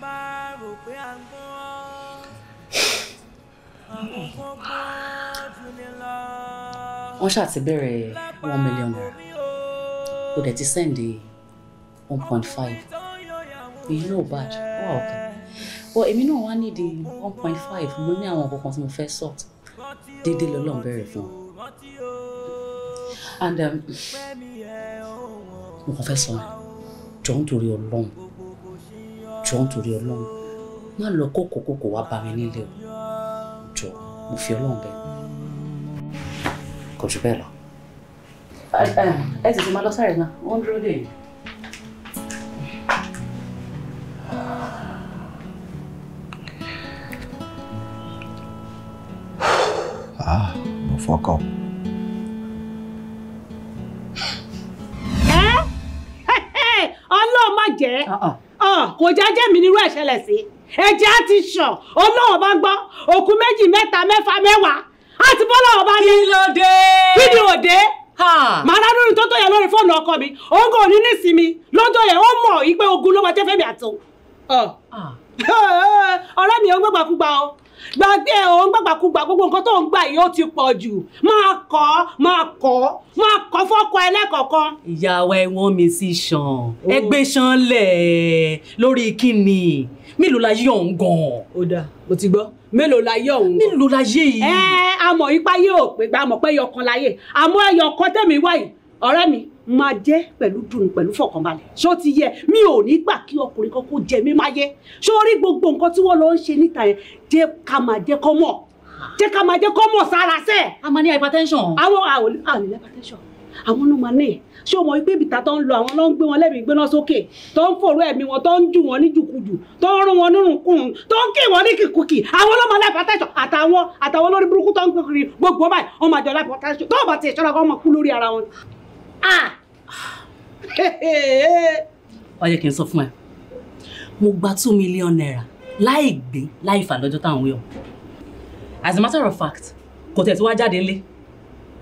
bá rò pé à ń gbọ́ àwọn kan gbọ́ ní lọ. wọ́n ṣáà bẹ̀rẹ̀ one million naira ó dẹ̀ ti sẹ́ǹdì e one point five èyí náà bad ó wà òkè bọ́ èmi náà wá ní di one point five mo ní àwọn kankan tí mo fẹ́ sort déédéé lọ́lọ́run bẹ̀rẹ̀ fún and um, mo kàn fẹ́ sọ jọ̀ọ́ nítorí ọlọ́run jọ nítorí ọlọ́run má lọ kókò kókò wá bá mi nílé o jọ mo fi ọlọ́run bẹ́ẹ̀ kò jù bẹ́ẹ̀ lọ. ẹ tètè máa lọ sáré náà wọ́n dúró dè yìí. Ah, não foco. nírú ẹ̀ ṣẹlẹ̀ sí ẹ̀jẹ̀ á ti ṣàn ọlọ́wọ́ bá gbọ́ òkú méjì mẹ́ta mẹ́fà mẹ́wàá á ti bọ́ lọ́wọ́ bá dé kí ló dé kí ni ò dé màá ládùn tó tó yẹ lórí fóònù ọkọ mi ogun ò ní nísinmi lọ́jọ́ yẹn ó mọ̀ ìpè ogun ló wá jẹ́ fẹ́mi àtò ọ̀rẹ́ mi ò gbàgbà kúgbà o gbàgbé òun gbàgbàkúgbà gbogbo nǹkan tó ń gbà yìí ó ti pọ̀ jù máa kọ́ máa kọ́ máa kọ́ fọ́kọ ẹlẹ́kọ̀ọ̀kan. ìyàwó ẹ̀wọ̀n mi sì ṣàn ẹgbẹ́ ṣan lẹ̀ lórí kíni mélòó la yí ọ̀hún gan-an. ó dáa mo ti gbọ́ mélòó la yí ọ̀hún. mélòó la yé yìí. ẹ amọ̀ ipá yóò pé gbàmọ̀ pé ẹyọkan láyè àmọ́ ẹyọkan tẹ̀mí wáyé ọ̀rẹ́ mi máa jẹ́ pẹ̀lú dùn pẹ̀lú fọkànbalẹ̀ ṣó ti yẹ mi ò ní gbà kí ọkùnrin kan kó jẹ mí máa yẹ ṣó rí gbogbo nǹkan tí wọ́n lọ ń ṣe níta yẹn jẹ́ ká máa jẹ́ kọ́ mọ̀ jẹ́ ká máa jẹ́ kọ́ mọ̀ sára sẹ́. a máa ní hypertension. àwọn àwọn àwọn hypertension àwọn ló máa ní ṣé o mọ̀ wípé ibìta tó ń lọ àwọn ló ń gbé wọn lẹ́mìí gbéná sókè tó ń fòrò ẹ̀mí wọn tó ń jù wọn ní jùkújù tó ń rún wọn nírùnkùn tó ń kí wọn ní kìkùkì àwọn ló máa láì pàtàkì àtàwọn àtàwọn lórí burúkú tó ń gbé kiri gbogbo báyìí wọn máa jọ láì pàtàkì tó bá ti ṣọ́ra kó máa kú lórí ara wọn ó yẹ kí n sọ fún ẹ mo gba two million naira láì gbé láì fà lọ́jọ́ táwọn wí as a matter of fact kò tẹ̀ tí wá jáde lé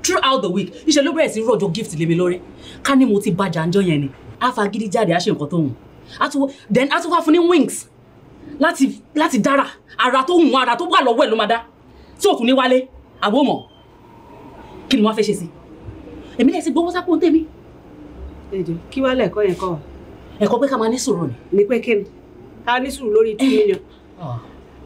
throughout the week níṣẹ́ ló bẹ̀rẹ̀ sí rọ̀jò gift lé mi lórí ká ní mo ti bàjá ń jọ yẹn ni á fa gidi jáde á ṣe nǹkan tó hùn then á tún wá fún ní wings láti láti dára ara tó hùn ara tó wà lọ́wọ́ ẹ̀ ló máa dá tí òkú ní wálé àbó mọ̀ kí ni wọ́n fẹ́ ṣe sí i èmi lè ti gbowó sápò tèmi. èdè kí wàá lẹ́kọ́ yẹn kọ́. ẹ̀kọ́ pé ká máa ní sùúrù ni. ní pé kí ni ká ní sùúrù lórí two eh. million ah.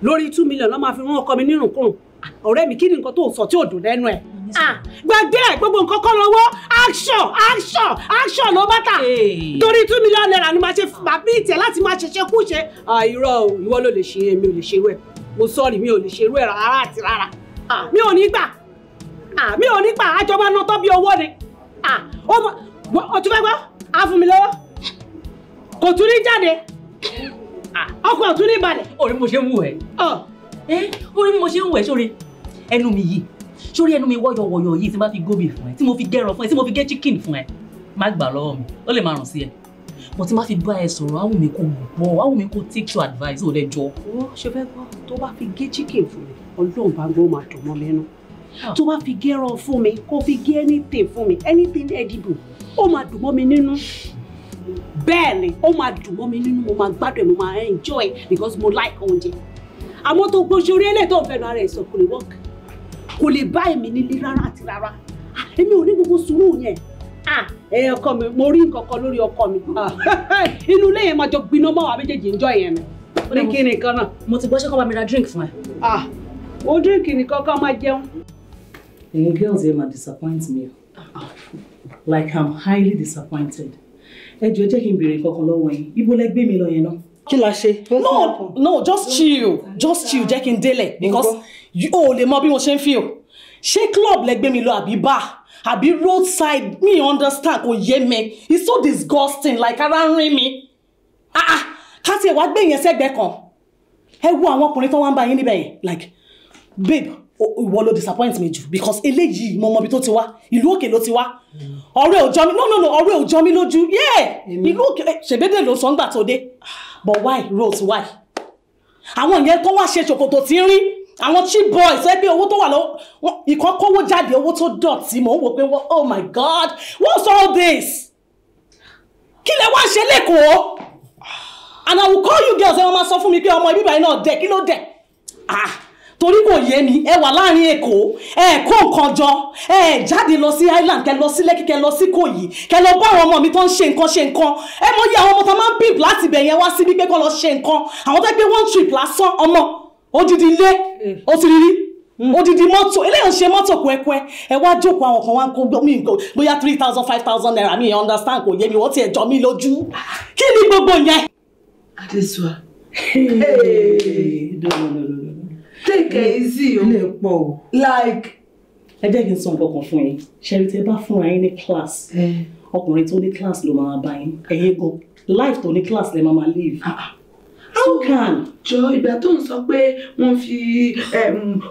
lórí two million lọ́ máa fi rán ọkọ mi nírùnkùrùn ọ̀rẹ́ mi kí ni nǹkan tó sọ tí ò dùn lẹ́nu ẹ̀ ah, gbàgbé ẹ̀ gbogbo nǹkan kọ́ lọ́wọ́ action action action ló bá tà eh. torí two million naira ni máa ṣe bàbí ìtẹ̀ láti máa ṣẹṣẹ kú ṣe. Ah, irọ́ o ìwọ ló lè ṣe èmi ò lè ṣe irú ẹ̀ mo sọ́ọ̀rì mi ò lè ṣe irú ẹ̀ rárá àti rárá mi ò ní gbà mi ò ní gbà àjọba náà tọ́ bí owó ni Ah, ó tún fẹ́ gbọ́ á fún mi lọ́wọ́ kò tún ní jáde ah, ọkọ̀ ò tún ní balẹ̀. orí mo ṣe ń wù ẹ́ orí mo ṣe ń wù ẹ́ sórí ẹnu mi yìí sórí ẹnu mi wọ́yọ̀wọ́yọ̀ yìí tí n bá fi gómìn fún ẹ tí mo fi gẹ́rọ fún ẹ tí mo fi gẹ́ chicken fún ẹ má gbà lọ́wọ́ mi ó lè má rùn sí ẹ mo ti má fi bá ẹ sọ̀rọ̀ àwọn mi kò gbọ́ àwọn mi kò take your advice ò lẹ́jọ́. ó ṣe fẹ́ gbọ́ tó bá fi gé chicken fún mi ọlọ́run bá gbọ́ máa dùn mọ́ lẹ́nu Ah. To bá fi gé ẹran fún mi kó fi gé anything fún mi anything edible ó máa dùn mọ́ mi nínú bẹ́ẹ̀ ni ó máa dùn mọ́ mi nínú mo máa gbádùn ẹ̀ mo máa enjoy because mo like oúnjẹ àmọ́ tó gbóṣe orí ẹlẹ́tọ̀ ọ̀fẹ́ nu ara ẹ̀ sọ kò lè work kò lè bá èmi nílé rárá àti rárá ah, èmi ò ní gbogbo sùúrù yẹn ah, ẹ ọkọ mi mo rí nǹkan kan lórí ọkọ mi inú ilé yẹn máa jọ gbiná mọ́ àwọn méjèèjì ń yẹn ni ó ní kí nìkan náà. mo ti gbọ́ ṣé bá mi ra drink fún ẹ. ó drink nìkan kan máa jẹun ẹ̀yin girls yẹn máa disappoint me like i'm highly disappointed ẹ jọ̀ọ́ jẹ́ kí n béèrè kankan lọ́wọ́ yín be lẹ gbé mi lọ yẹn náà. kí no no just chill just chill jẹ́ kí n because o ò lè mọ bí mo ṣe ń club like gbé mi lọ àbí bar àbí roadside me understand oh yeah, me. it's so disgusting like ara ń rin mi ah ah ká what wá gbé yẹn sẹ́gbẹ̀ẹ́ kan ẹ wo àwọn ọkùnrin tó wá ń bá yín níbẹ̀ yẹn like babe ìwọ ló disappoint me, jù because eléyìí mo mọ ibi tó ti wá ìlú òkè ló ti wá ọ̀rẹ́ ò mi no no no ọ̀rẹ́ ò jọ mi lójú yeah ìlú òkè eh, ṣèbédè ló sọ ń gbà tó dé but why rose why àwọn ìyẹn tó wá ṣe ṣòkòtò tí ń rí àwọn cheap boys ẹ gbé owó tó wà lọ́wọ́ ìkan kówó jáde owó tó dọ̀tí mò ń wò pé oh my god what's all this kí lẹ wá ṣe lẹ́kọ̀ọ́ and i will call you girls ẹ wọn máa sọ fún mi pé ọmọ ibíbáyìí náà dẹ kí ló dẹ ah torí kò yé mi ẹ wà láàrin èkó ẹ kó nǹkan jọ ẹ jáde lọ sí island kẹ lọ sí lẹ́kì kẹ lọ sí kòyí kẹ lọ bá àwọn ọmọ mi tó ń ṣe nǹkan ṣe nǹkan ẹ mọ iye àwọn ọmọ tó máa ń bíp láti ibẹ̀ wá síbi pé kọ́ lọ ṣe nǹkan àwọn tó gbé one trip lásán ọmọ odidi ilé ó ti rí rí hmm. odidi mọ́tò eléyàn ṣe mọ́tò kúẹ́kúẹ́ ẹ wá jókòó àwọn kan wá ń kó mi nǹkan bóyá three thousand five thousand naira mi understand kò yé mi wọ́n ti ẹ̀ jọ mí lójú kí ni gbogbo yẹn. adesua take it easy o oh. ilé pọ̀ o like. ẹ jẹ́ kí n sọ nǹkan kan fún yín ṣẹ́rí tẹ́ bá fún ra yín ní class ọkùnrin tó ní class ló máa bá yín ẹ̀yin gan life tó ní class lè máa live. Ah, ah. how can. jọ ìgbà tó ń sọ pé wọ́n fi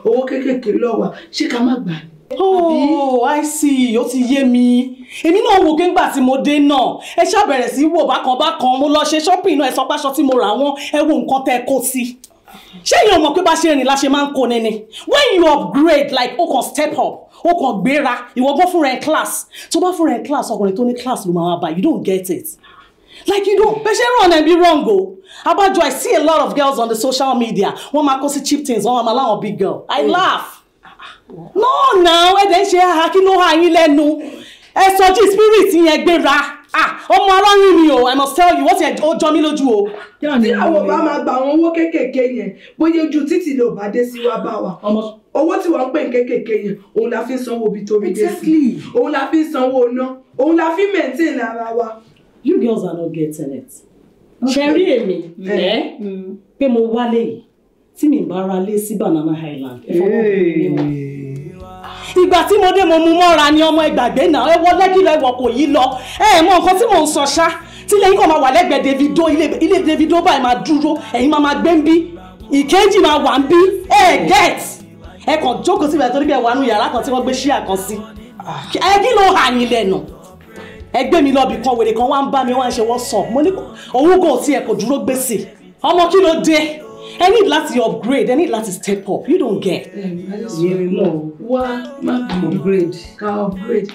owó kéékèèké lọ wá ṣé ká má gbà ní oh i see ó ti yé mi èmi náà wò kéńgbà tí mo dé náà ẹ ṣàbẹ̀rẹ̀ sí wò bákan bákan mo lọ ṣe shopping náà ẹ sọ páṣọ tí mo rà wọ́n ẹ wo nǹkan tẹ́ kó sí ṣé èèyàn mọ̀ pé bá ṣe rìn la ṣe máa ń kó ni when you upgrade like o kàn step up o kàn gbéra ìwọ gbọ́ fúnra ẹ̀ class tó bá fúnra ẹ̀ class ọkùnrin tó ní class ló máa wá bá you don't get it like you don't pẹ̀ṣẹ̀ ràn ẹ̀ bí wrong o abájọ I see a lot of girls on the social media wọ́n máa kó sí cheap things wọ́n máa láwọn big girl I mm. laugh no na ẹ̀dẹ̀ ń ṣe kí ló ha yín lẹ́nu ẹ̀ sọ jí spirit yẹn gbéra ah ọmọ ọlọ́run ni o i must tell you wọ́n ti ẹ̀ ó jọ mí lójú o. tí àwọn ọba máa gba àwọn owó kéékèèké yẹn bóyá ojú títì lè bá dé sí wa bá wa owó tí wọ́n ń pè kéékèèké yẹn òun la fi ń sanwó ibi tó rí dé sí òun la fi ń sanwó iná òun la fi ń maintain ara wa. you girls are not getting it. ṣe rí èmi eh. ẹ mm. pé mo wálé yìí tí mi bá ra lé sí Banana Island ẹ fọwọ́ mi ní wọn ìgbà tí mo dé mo mú mọ́ra ni ọmọ ìgbàgbé náà ẹ wọ lẹ́kì lọ ẹwọ kò yí lọ ẹ mọ nǹkan tí mò ń sọ ṣá tí lẹ́yìn kan máa wà lẹ́gbẹ̀ẹ́ Davido ilé Davido báyìí máa dúró ẹ̀yin máa máa gbé ń bí ìkejì máa wà ń bí ẹ get ẹ kàn jókòó síbi àtọ́rí bẹ́ẹ̀ wà nù yàrá kan tí wọ́n gbé ṣíà kan sí ẹ kí ló hà yín lẹ́nu ẹgbẹ́ mi lọ́ọ̀bì kan wèrè kan wá ń bá mi wá ń ṣe wọ́n sàn mo ní òun kò tiẹ̀ kò dúró gbèsè ọmọ kí ló dé I need lots to upgrade I need lots to step up you don't get. ẹ̀mí mọ̀ wá má bí upgrade ká upgrade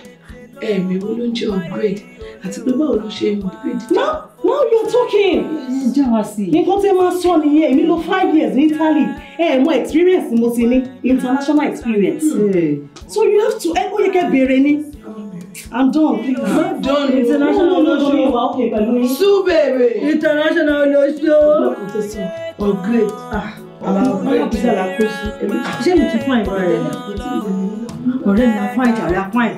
ẹ̀mí wo ló ń jẹ́ upgrade àti pé báwo ló ṣe upgrade. now now you're talking. ẹ já wa sí i. nǹkan tí ẹ máa sọ nìyẹn èmi lò five years in Italy ẹ ẹ experience mo ti ní international experience. so you have to ẹ kó yẹ kẹ béèrè ni. I'm done. I'm done. International olóṣó. Sú bèrè. International olóṣó. Oh great. Ah. Alábísà la kó sí. Ṣé mi ti fún àyè ọ̀rẹ́ mi? Ọ̀rẹ́ mi la fún àyè ọ̀rẹ́ fún àyè.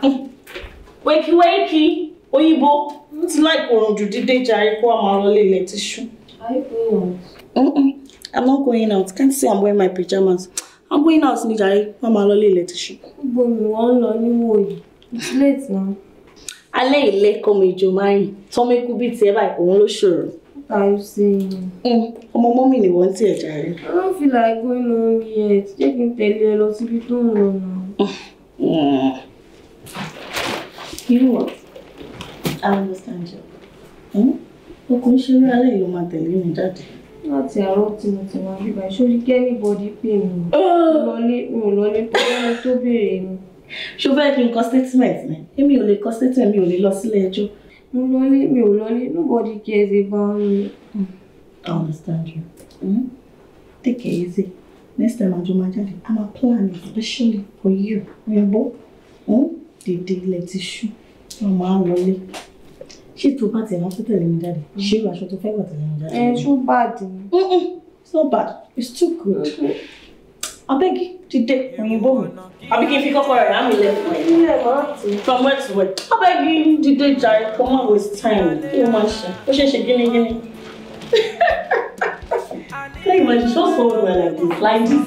Ẹ̀dá wẹ́kí wẹ́kí oyinbo ń ti láì kòrùn jù dídé jàre kó a máa lọlé ilẹ̀ ti ṣú. I'm not going out. Can't say I'm wearing my pajamas. I'm going out ní jàre kó a máa lọlé ilẹ̀ ti ṣú. Gbogbo mi wọ́n ń lọ níwò yìí. It's late now. Alẹ́ ilé kọmọ ìjọ máa rìn. Tọ́mọ ikú bíi tiẹ̀ báyìí, òun ló ṣòro. Mm. Ọmọ mọ́mì ni wọ́n ti ẹ̀ jàre. I don't feel like going home yet. Jẹ́ kí n tẹ̀lé ẹ lọ síbi tó ń lọ náà. You know what? I understand you. Hmm? O kò ń ṣe eré alẹ́ yìí ló máa tẹ̀lé mi jáde. Láti àárọ̀ tí mo ti máa bíbá ìṣòrí kí anybody pè mí. Oh! Mi ò lọ ní pọ́nmi tó béèrè mi. Ṣo fẹ́ kí n kọ statement ni? Èmi ò lè kọ statement mi ò lè lọ sílé ẹjọ́. Mo lọ ní mi ò lọ ní nobody cares about me. I understand you. Mm? Take it easy. Next time àjọ máa jáde, I'm a plan especially for you. Oyinbo, The day let's issue mo máa ń wọlé ṣé tó bá tẹ̀lé aṣọ tẹ̀lé mi jáde mm. ṣé irú aṣọ tó fẹ́ wà tẹ̀lé mi jáde. ẹ ṣó bad ni. it's not bad it's too good. Mm-hmm. abeg dìde òyìnbó mi àbí kí n fi kọ́kọ́ rẹ̀ rà mí lẹ̀. ilé from where to where. abeg dìde jàre come on waste time kí ló máa ṣe ó ṣe é ṣe gínígíní. Can you imagine? Just hold me like this, like this.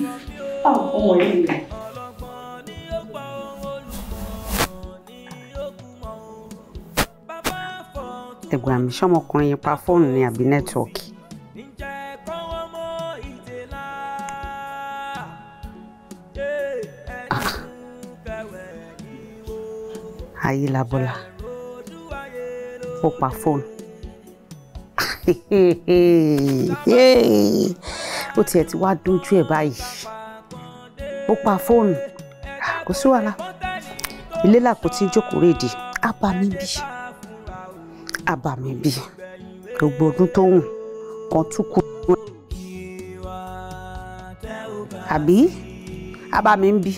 Oh, oh my Instagram ṣé ọmọkùnrin yẹn pa fóònù ni àbí nẹ́tíwọ̀kì. Ayélabọ́lá ó pa fóònù ó tiẹ̀ ti wá dójú ẹ̀ báyìí ó pa fóònù ah, kò sí wàhálà ilé làpótí jókòó rèdí á bá mi bí àbàmì bí gbogbo ọdún tó hùn kan tún kú àbí àbàmì ń bí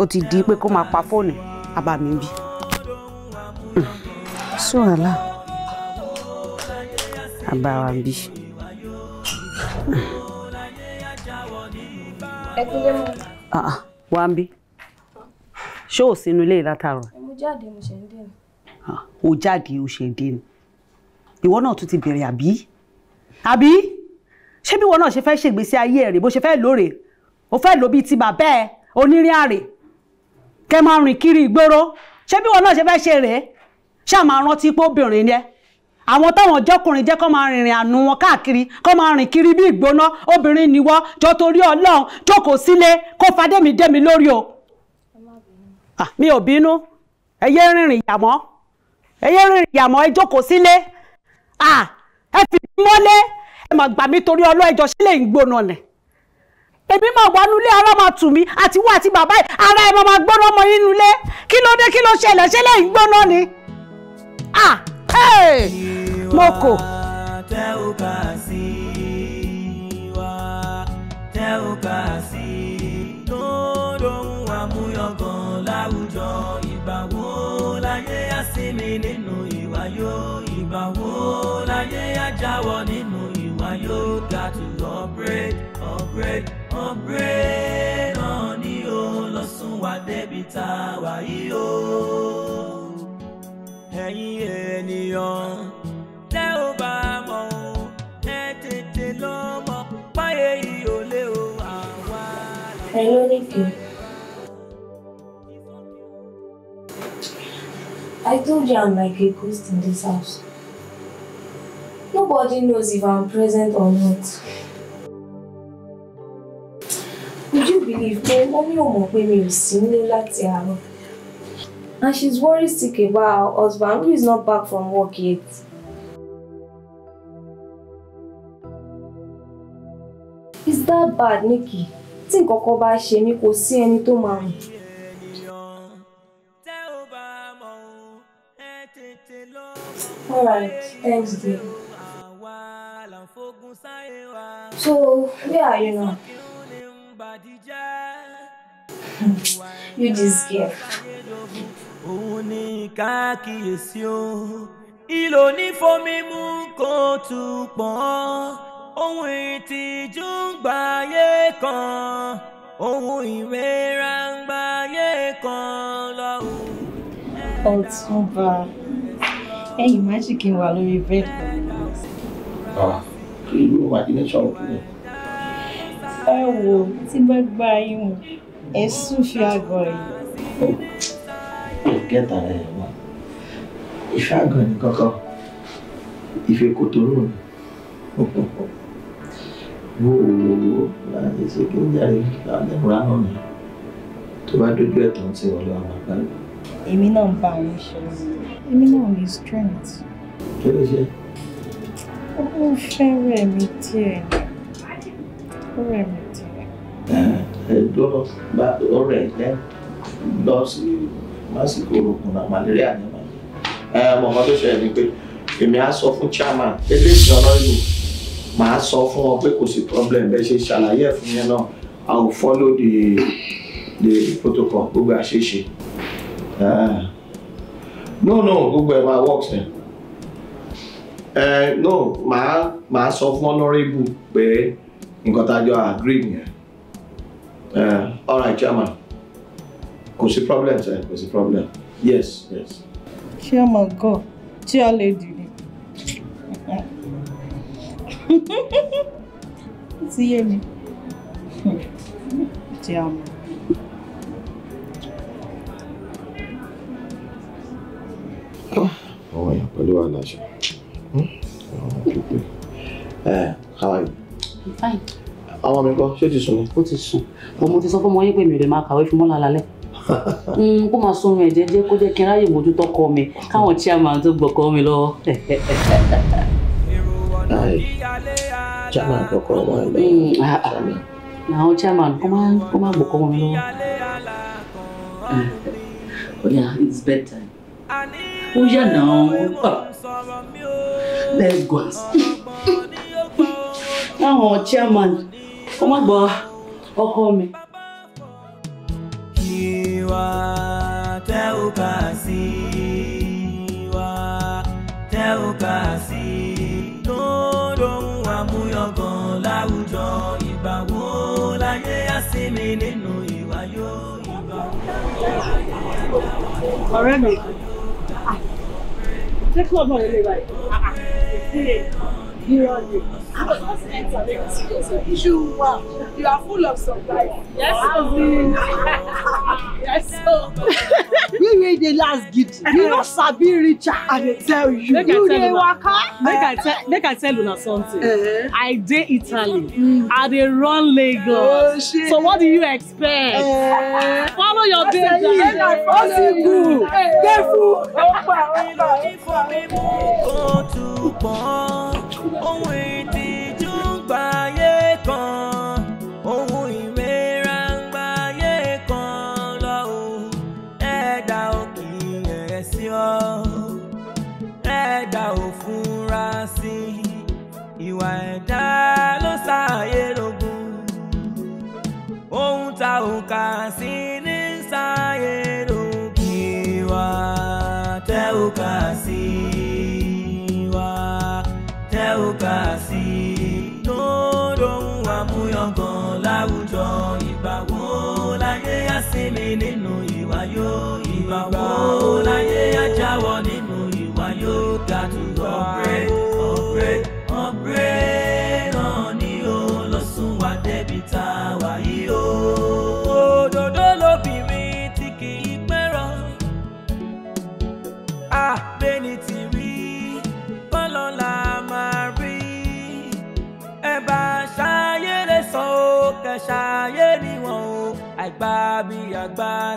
ó ti di pé kó máa pa fóònù àbàmì ń bí. sùhàlà àbàwà ń bí. ẹ kúlé mọ. Ah, ah, wá ń bí ṣé ò sínú ilé látàárọ̀. mo jáde mo ṣe ń dènà. Ah, o jáde o ṣe dé ni ìwọ náà tún ti bẹ̀rẹ̀ àbí àbí ṣé bí ìwọ náà ṣe fẹ́ ṣègbésí ayé rẹ̀ bó ṣe fẹ́ lóore o fẹ́ lò bíi ti bàbá ẹ onírìn àrè kẹ́ máa rìn kiri ìgboro ṣé bí ìwọ náà ṣe fẹ́ ṣe rèé ṣáà máa rántí pé obìnrin yẹn àwọn táwọn jọkùnrin jẹ́ kó máa rìnrìn àánú wọn káàkiri kó máa rìn kiri bí ìgbóná obìnrin nìwọ jọ torí Ọlọ́run jókòó sílé kó fadémi dé mi lórí o ah, mi ò bínú ẹ yé rìnrìn yàmọ́ ẹyẹ rìnrìn ìyàmọ́ ẹ jókòó sílé ẹ fi mọ́lé ẹ mà gbà mí torí ọlọ́ ẹjọ́ sílé ń nì èmi máa wà nulẹ̀ ara máa tù mí àti wá àti bàbá ẹ̀ ara ẹ̀ máa gbóná ọmọ yín nulẹ̀ kí ló dé kí ló ṣẹlẹ̀ ṣẹlẹ̀ ń gbóná ni mo kò. tẹ́ ò bá sí wa tẹ́ ò bá sí. nínú ìwà yó ìgbà wo láyé ajáwọ̀ nínú ìwà yó got to upgrade upgrade upgrade náà ni ó lọ sún wa débi tá a wà yìí o. ẹ̀yin ènìyàn tẹ́ ò bá mọ̀ o ẹ tètè lọ́mọ páyé yìí ò lé o àwa. ẹ̀yin oníkèé. I told you I'm like a ghost in this house. Nobody knows if I'm present or not. Would you believe me, mọ́mí ò mọ̀ pé mi ò sí nílé And she's worried sick about her husband who is not back from work yet. Is that bad, Nikki. Think nǹkan kan she ṣe mí kò sí like next day. So, where are you now? you just gave. òun ni ìlò ní fomimú kò tún pọ̀ ohun ìtìjú gbàyè kan ohun ìrera gbàyè kan lọ́wọ́. ọ̀túnba ẹ̀yìn má sì kí n wà lórí bẹ́ẹ̀. kí ló wà ní ṣọ́ọ̀bù rẹ̀. ẹ wo tí bá gba ihun ẹ sùn fi àgọ́ rẹ̀. ó kẹta rẹ̀ wá ìfẹ́ àgọ́ ní kọ́kọ́ ìfẹ́ kòtòrò ni wo wo láti ṣe kí n jàre láti múra náà ni tó bá dójú ẹ̀ tán tí wọ́n lọ́wọ́ àgbàlá èmi náà ń bá òun ṣe èmi náà ní strength. kí ló ṣe. ó fẹ́ rẹ̀ mí díẹ̀ ni ó rẹ̀ mí díẹ̀. ẹ lọ bá ọ̀rẹ́ ẹ lọ sí lásìkò òògùn náà malaria ni wọn. ẹ mọ ọmọ tó ṣẹlẹ̀ ni pé èmi á sọ fún chairman eléyìí ọlọ́yìn màá sọ fún ọ pé kò sí problem bẹ́ẹ̀ ṣe ṣàlàyé ẹ̀ fún yẹn náà i will follow the the protocol gbogbo àṣeṣe. Ah. no no gbogbo ẹ̀ máa work sẹ́n eh, no màá màá sọ fún honourable pé nǹkan tá a jọ agree nìyẹn eh, all right chairman kò sí problem sẹ́n kò sí problem yes yes. chairman go chair lady ni ti yé mi chairman. àwọn èèyàn pẹ̀lú àlàṣà àwọn pípé ẹ are you? fine. àwọn mi kọ́ ṣé ti sùn ni. ó ti sùn bó mo ti sọ fún ọmọ yín pé mi ò lè máa kàwé fún mọ́lá lálẹ́ hmm, kó máa sunrun ẹ̀ jẹ́jẹ́ kó jẹ́ kí n ráyè mójútó ọkọ mi káwọn chairman tó gbọ́kọ mi lọ́wọ́. chairman gbọ́kọ wọn lọ. àwọn chairman kó máa gbọ́kọ wọn lọ́wọ́. ó hmm. oh, yá it's bedtime ó yànnà lẹ́gọ̀ọ́s táwọn chairman wọ́n má gbọ́ Come mi. ìwà tẹ́ ò kà sí ìwà tẹ́ ò kà sí tó lóhùn àmúyangàn láwùjọ ìgbà wo láyé á sí mi nínú ìwà yóò ìgbà wo. ọ̀rẹ́ mi ṣé club náà lè lè báyìí? Ìrọ̀lẹ́ you are, you are full of surprise. Yes, wow. yes, so. we wey dey last gift. you know, sabi Richard. i tell you make you dey waka. make i tell make i tell you something uh -huh. i dey italy mm. i dey run lagos oh, so what do you expect uh, follow your day journey possible careful. ó pa oyin lọ ifo mi mú. ó tún sí mi nínú ìwà yóò ìgbà wo láyé. agbára.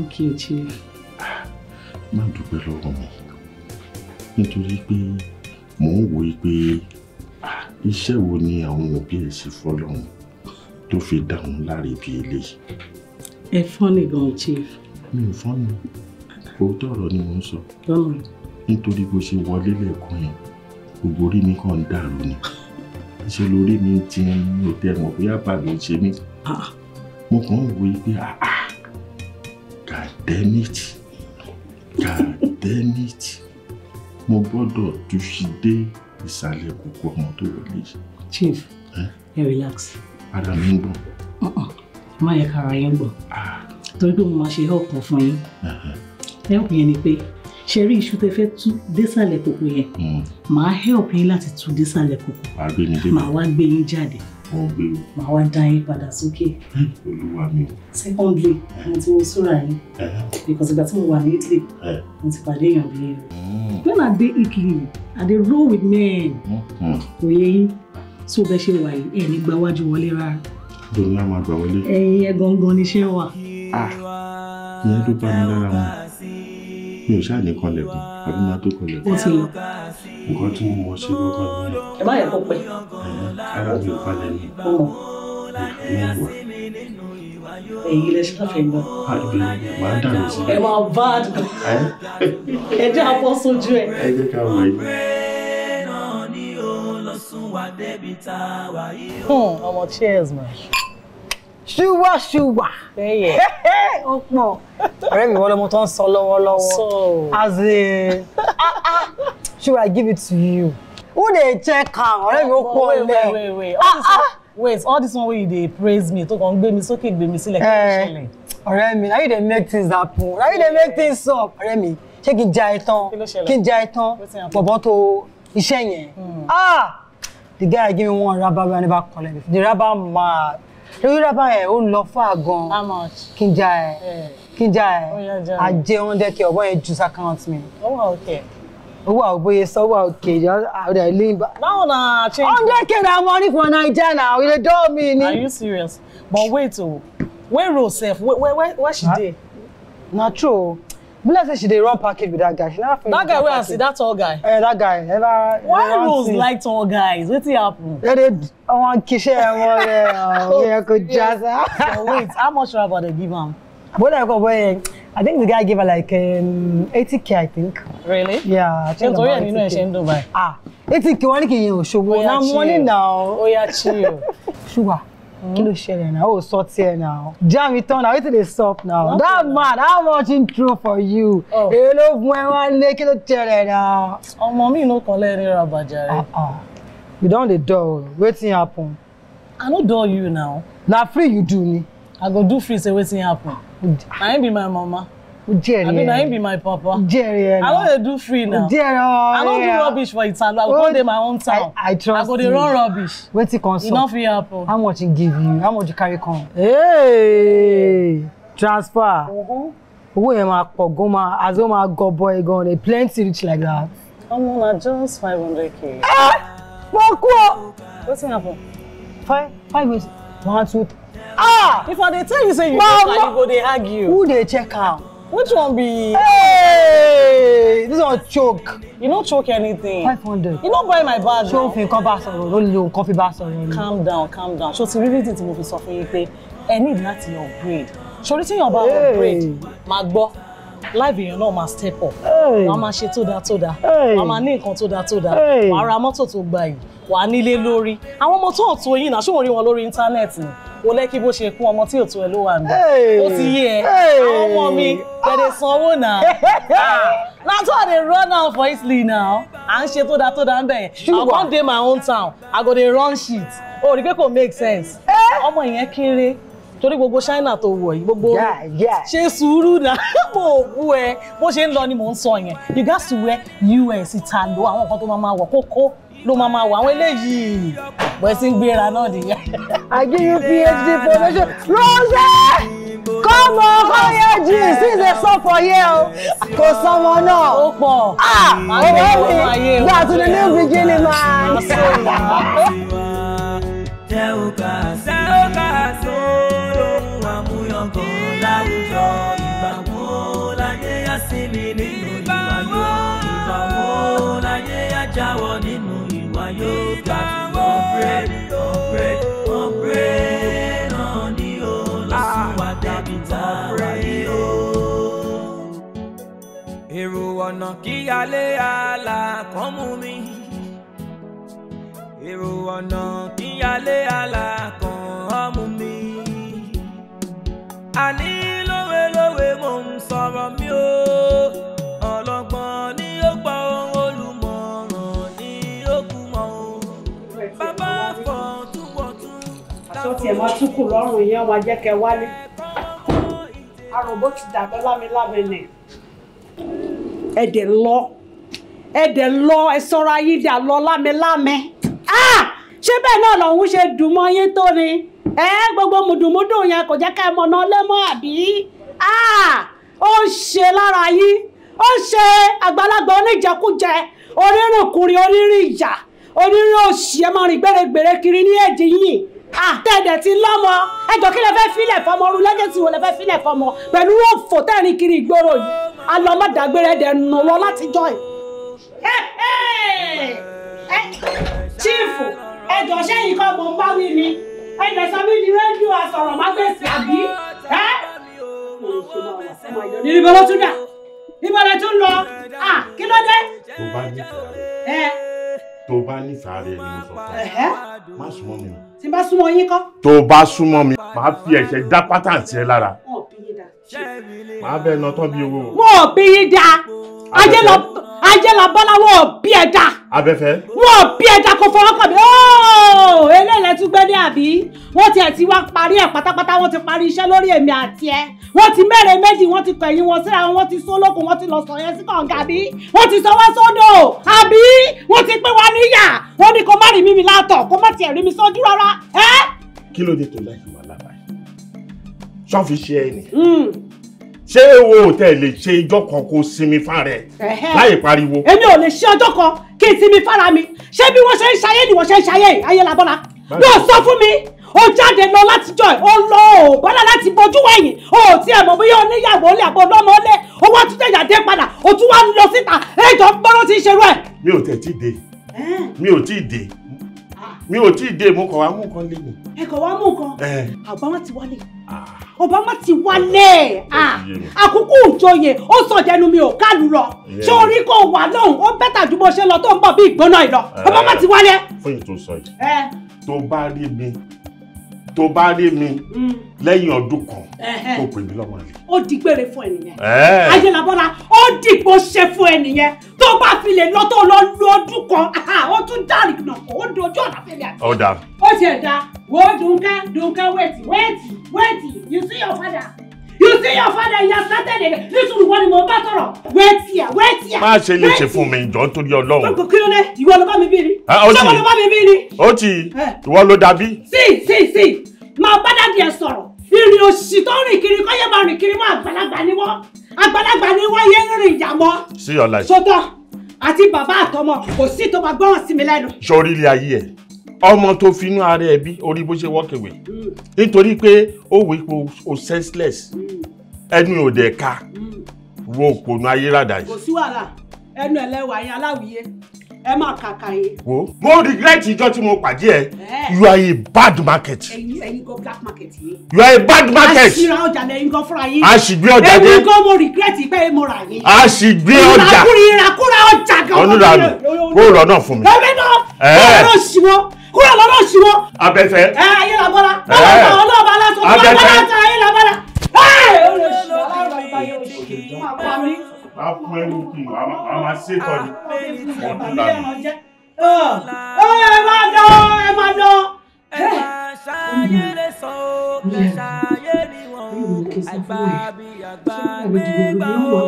burú kí o ti rí. má dúpẹ́ lọ́wọ́ mi nítorí pé mò ń wòye pé iṣẹ́ wo ni àwọn òbí ẹ̀ ṣe fọlọ́run tó fi dá òun láre bí eléyìí. ẹ fọ́nì gan-an chief. mi ò fọ́nì òótọ́ ọ̀rọ̀ ni mò ń sọ nítorí bó ṣe wọlé lẹ́ẹ̀kan yẹn gbogbo orí mi kàn ń dàrú ni ṣe lórí mi ti ń mi ò tẹ̀ mọ̀ bóyá bàbá ò ṣe mí ah. mo kàn ń wòye pé àá. Ah, ah, damn it god damn it mo gbọ́dọ̀ túṣì dé ìsàlẹ̀ kókó ọmọ tó wọlé yìí. chief ẹ relax. ara mi ń gbọ̀n. má yẹ kára yín gbọ̀n ah. torí pé mo máa ṣe help fún yín help yẹn ni pé ṣe rí iṣu tẹ fẹ́ tú désàlẹ̀ kòkò yẹn hmm. màá help yín láti tú désàlẹ̀ kòkò màá wá gbé yín jáde màá wá dá yín padà sókè. olúwa mi. secondly mo ti wo sóra yín because ìgbà tí mo wà ní Italy mo ti pàdé èèyàn bí yẹn. Hmm. when I dey Italy I dey roll with men hmm. kò yẹ yín tó bẹ ṣe wà yìí ẹ gba wájú wọlé rárá. dòní àwọn àgbà wọlé. wà. ah ìyẹn ló bá mi lára wọn mi ò ṣáà ní kanlẹ̀kùn àbí máa tó kanlẹ̀kùn. ó ti lọ. nǹkan tí mo mọ̀ ṣe gbọ́ngàn nìyẹn. ẹ má yẹ kó pẹ́. ara mi ò balẹ̀ ni. ó mọ̀. mi ò èyí lè ṣe láfẹ̀ẹ́ gbọ́. àbí ah, màá dànù sí. ẹ máa bá a dùn. ẹ jẹ́ àpọ̀ sójú ẹ. ẹ jẹ́ ká wọ̀ ọmọ cheers man ṣúwà ṣúwà ó pọ̀ ọ̀rẹ́ mi wọ́n lọ́mọ tó ń sọ lọ́wọ́lọ́wọ́ as in ah, ah. ṣúwà give it to you who dey check am ọ̀rẹ́ mi ó pọ̀ lẹ́ ah, wait all this one wey you dey praise me tó kàn ń gbé mi sókè gbé mi sílẹ̀ kí ló eh, ṣẹlẹ̀. ọ̀rẹ́ mi na you dey make things happen na you dey make things up ọ̀rẹ́ mi ṣé kí n ja ẹ̀tàn kí n ja ẹ̀tàn bọ̀bọ̀ tó iṣẹ́ yẹn hmm. ah the guy give me one rubber band never collect the rubber mad lórí rábà ẹ̀ ó ń lọ fún àgàn kí n já ẹ̀ kí n já ẹ̀ àjẹ wọn dẹ́kẹ̀ ọ̀bọ̀n yẹn ju account mi. ó wà òkè. ó wà òbóye sọ wà òkè ìjọ àrẹ ilé ìbá. báwo na change. hundred k na money for naija na you dey dull me ni. are you serious but wait o where rose sef where where where she dey. na true o. Bless say she dey run package with that guy. She never finish. That guy wey I see, that tall guy. Eh, that guy never. Why Rose like tall guys? Wetin happen? Dey dey wan kishe wọn rẹ ọ̀rẹ́ kò wait, how much rubber dey give him? Bọ́lá I bọ́ boy, eh, I think the guy gave her like um, eighty um, k I think. Really? Yeah, I think about eighty k. Ṣé torí ẹ̀ Ah, 80 k wọ́n ní you í Oh yeah, ṣòwò náà wọ́n ní nà chill. Ṣùgbọ́n. Hmm? kí share ṣẹlẹ̀ náà ó sọ tiẹ̀ náà jam on náà wetin dey sup now that man how much he throw for you oh. èyí ló gun ẹ wá lé kí ló ṣẹlẹ̀ náà. ọmọ mi no kàn lẹ́rìn ra bàjẹ́ rẹ. Ah, ah. you don dey dull wetin happen. i no dull you now. na free you do me. i go do free say wetin happen. na him be my mama. Jerry. I mean, I ain't be my papa. Jerry. I don't do free now. Jerry. Oh, I don't do rubbish for Italo. I go to oh, my own town. I, I trust I go to run rubbish. Wait till consult. Enough here happen. How much he give you? How much you carry come? Hey, transfer. Mm-hmm. Owó yẹn máa pọ̀ gan máa as ó máa gọ bọ ẹ gan dey plenty rich like that. Ọmọ na just five hundred k. Ah! Mo kú o. Wetin happen? Five five ways. One two. Ah! If I dey tell you say you dey carry, you go dey argue. Who dey check am? Which one be? Hey, this one choke. You no choke anything. Five hundred. You no buy my bag now. Ṣé òfin kan bá sọ̀rọ̀ ló lè òun kan fi Calm down, calm down. Ṣo ti rí reason tí mo fi sọ fún yín pé ẹ need láti upgrade. Ṣorí tí èèyàn bá upgrade, máa gbọ́. Láìpẹ́ èèyàn náà máa step up. Wọ́n máa ṣe tó dáa tó dáa. Wọ́n máa ní nǹkan tó dáa tó dáa. Wọ́n á ra mọ́tò tó gbayì wàá nílé lórí àwọn ọmọ tó ọ̀tún yìí náà ṣé rí wọn lórí íńtánẹ́ẹ̀tì ni wò lẹ́kí bó ṣe kún ọmọ tí ò tó ẹ ló wà mí ó ti yé ẹ àwọn ọmọ mi gbẹ̀dẹ̀ sanwó náà that's why they run out for Italy now à ń ṣe tó da tó da ń bẹ̀ yẹn I wan dey my own town I go dey run shit o rí pé kò make sense eh? ọmọ yẹn kéré torí gbogbo China tó wọ̀ yìí gbogbo ṣe sùúrù náà mo ò ẹ bó ṣe ń lọ ni mò ń sọ yẹn you gats wear US Italo àwọn nǹkan tó máa ma wọ̀ kókó ló máa máa wà àwọn eléyìí bẹ́ẹ̀ ń gbéra náà nìyẹn. I give you PhD for formation Rose kọ́mọ kọ́yẹ́jì síse sọ fọ yẹ o kò sọmọ náà ó pọ̀ owó ah, mi gba àtúndì ní bìgínì máa. Jẹ́ òkà sókà sókà. ọ̀nà kíyalé àlà kan mú mi èrò ọ̀nà kíyalé àlà kan mú mi àní lówe lówe mò ń sọ̀rọ̀ mi o ọlọ́gbọ́n ni ó gbọ́ ohun olùmọ̀ràn ni ó kú mọ́ o bàbá fọ̀ túbọ̀tún. aṣọ tiẹ̀ máa tún kù lọ́rùn yẹn máa jẹ́ kẹ́ wálé àròbó ti dàbẹ́ lámi lábẹ́ ẹ dẹ̀ lọ ẹ dẹ̀ lọ ẹ sọ́ra yín dà lọ lámẹ́lámẹ́ ah! ṣé bẹ́ẹ̀ náà lòun ṣe dùn mọ́ yín tó ni ẹ gbogbo mùdùmùdù yẹn kò jẹ́ ká ẹ mọ̀nà lẹ́mọ́ àbí ah! ó ń ṣe lára yín ó ń ṣe àgbàlagbà oníjẹkújẹ onírìnkùnrin onírìn ìyà onírìn òṣì ẹ máa rìn gbèrègbèrè kiri ní èdè yìí àtẹ̀dẹ̀ ah! ti lọ́mọ ẹjọ́ kí lẹ fẹ́ filẹ̀ fọmọ ọrùn lẹ́gẹ̀sì wo lẹ fẹ́ filẹ̀ fọmọ pẹ̀lú òfò tẹ́rin kiri ìgboro yìí alọ má dágbére dẹ̀ nù lọ láti jọ ẹ̀. chiefu ẹjọ sẹ́yìn kan mò ń bá wí ni ẹjọ sọ mí di rédíò àsọ̀rọ̀ má gbèsè àbí. níbo ló tún dà níbo ló tún lọ kí ló dé. tó bá ní sáré tó bá ní sáré ni mo sọ fún ẹ má súnmọ́ mi. tí n bá súnmọ́ yín kọ́. tó bá súnmọ́ mi màá fi ẹ̀ṣẹ̀ dá pátá sí ẹ lára màá bẹ nà tán bí owó. wọn ò bí yín dá ajé lọ bọ́lá wọn ò bí ẹ dá. abẹ́fẹ́. wọn ò bí ẹ dá kó fọwọ́ kàn mí ooo eléyìí tún gbé ní àbí wọ́n ti ẹ̀ ti wá parí ẹ̀ pátápátá wọ́n ti parí iṣẹ́ lórí èmi àti ẹ̀ wọ́n ti mẹ́rin méjì wọ́n ti pẹ̀yìn wọn síra wọn ti sọ lókun wọ́n ti lọ sọ yẹn sí kànga bí wọ́n ti sọ wá sọ́dọ̀ àbí wọ́n ti pín wa níyà wọ́n ní kó má rí mímí látọ̀ kó má tiẹ̀ rí mi sójú rárá. kí ló dé tó láì wà lára ṣọ́ fi ṣe ẹni hmm. ṣé o ò tẹ̀ lè ṣe ijọ́ kan kó sinmi fára ẹ̀ láì pariwo. èmi ò lè ṣe ọjọ́ kan kí n sinmi fára mi ṣé bí wọ́n ṣe ń ṣayé ni wọ́n ṣe ń ṣayé ayé labọ́la lọ sọ fún mi o jáde lọ látijọ́ ẹ̀ o lọ ò bọ́lá láti bojú wẹ̀yìn o ò tiẹ̀ mọ̀ bóyá oníyàwó lè àbọ̀ lọ́mọ lẹ̀ o wá tún tẹ̀yà dé padà o tún wá lọ síta ẹ̀jọ̀ gbọ́dọ̀ ti ṣerú ẹ̀. mi ò tẹ̀ tí ì dé mi ò tí ì dé mi ò tí ì dé mo kàn wá mú nǹkan lẹ́yìn. ẹ kàn wá mú nǹkan Obama ti wálé Obama ah. ti wálé ah. Ah. àkókò òjòyè ó sọ jẹnu mi ò kálù lọ ṣé orí kò wà lóhùn ó bẹ́tà ju bó ṣe lọ tó ń bọ̀ bí ìgbóná ìlọ Obama eh. ti wálé. fún ètò sọ yìí eh. tó bá rí mi tó bá rí mi mm. lẹ́yìn ọdún kan tó pè mí lọ́mọ rẹ̀. ó di gbére fún ẹnìyẹn ajẹlábọ́lá ó dìbò ṣe fún ẹnìyẹn tó bá fi lè lọ tó lọ lu ọdún kan ó tún dárì náà ó dojú ọ̀nà fẹ́lẹ́ àti. ó dáa. ó tiẹ̀ da wo dunkan dunkan wẹ́ẹ̀tì wẹ́ẹ̀tì wẹ́ẹ̀tì you see your father you see your father you are started again nítorí wọn ni mo bá tọrọ wẹ́ẹ̀tì à wẹ́ẹ̀tì à. má ṣe lè ṣe fún mi jọ nítorí Ọlọ́run. gbogbo kí ló dé ìwọ ló bá mi bí ni. ṣé wọn ló bá mi bí ni. ó ti ìwọ ló dàbí. sí sí sí máa bá dàbí ẹ sọ̀rọ̀ ìrìn òṣì tó rìn kiri kọ́ yẹ máa rìn kiri mọ́ àgbàlagbà ni wọ́n àgbàlagbà ni wọ́n yẹ ń rìn ìyàmọ́. sí ọ̀la yìí. sọtọ àti bàbá àtọmọ kò sí tó máa gbọ́ràn sí mi lẹ́nu. sọrí ilé ayé ẹ ọmọ tó fi inú ara ẹ bí orí bó ṣe walk away nítorí pé ó wí pé o senseless ẹnu ò dẹ̀ ka wo òpònú ayé rádà yìí. kò sí wàhálà ẹnu ẹlẹ́wà yẹn aláwìyé ẹ máa kàkà wo mo regret ìjọ tí mo pàdé ẹ you are a bad market. ẹyin ẹyin gan black market yìí. you are a bad market. àṣìra ọjà lẹ́yìn gan fúnra yín. àṣìgbé ọjà dé. èmi gan mo regret pé mo rà yín. àṣìgbé ọjà. ìràkúrò ìràkúrò ọjà gan. ọ̀nùdàlù kó lọ náà fún mi. lọ́bẹ̀ náà kó lọ́ọ́ sí wọn kúrò lọ́nà òṣìwọ́. abẹ́fẹ́. ẹ ayé la bọ́lá. ọlọ́ba ọlọ́ba aláṣọ. abẹ́fẹ́ ọlọ́ba aláṣọ ayé la bọ́lá. ẹ olùsọ aláwọ̀ ayé òṣìṣẹ́ máa pa mí wà á fún ẹni kí wà á máa ṣe tọ́ ni wọ́n tún là mí. ẹ máa dán ẹ máa dán. ẹ máa ṣàyè lè sọ ọ́ kẹ ṣàyè ni wọ́n àgbà bí àgbà gbé gbà ó.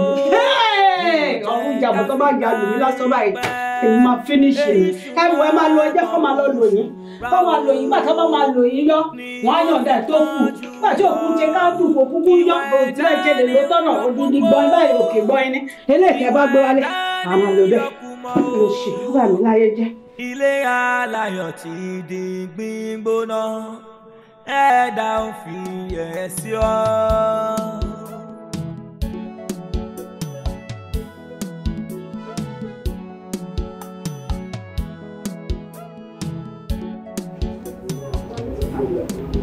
ọ̀hún jàbọ̀ tó bá jà lórí lásán báyìí èyí máa fínísì mi ẹ wọ ẹ máa lọ ẹjẹ kó máa lọ lò yín kó máa lò yín gbàtà bá máa lò yín yọ wọn á yọ̀ǹda tó kù gbàtí òkú jẹ káàdùn kò kúkú yọ òtí ẹ jẹ lè lọ tọ̀nà òdìdí gbọ́n báyìí òkè gbọ́n ẹni eléyìí bá gbé wálé àmọ́ lò bẹ́ẹ̀ lò ṣì wà mí láyé jẹ́. ilé aláyọ̀ ti di gbígbóná ẹ̀ẹ́dà òfin ẹ̀ sí ọ́.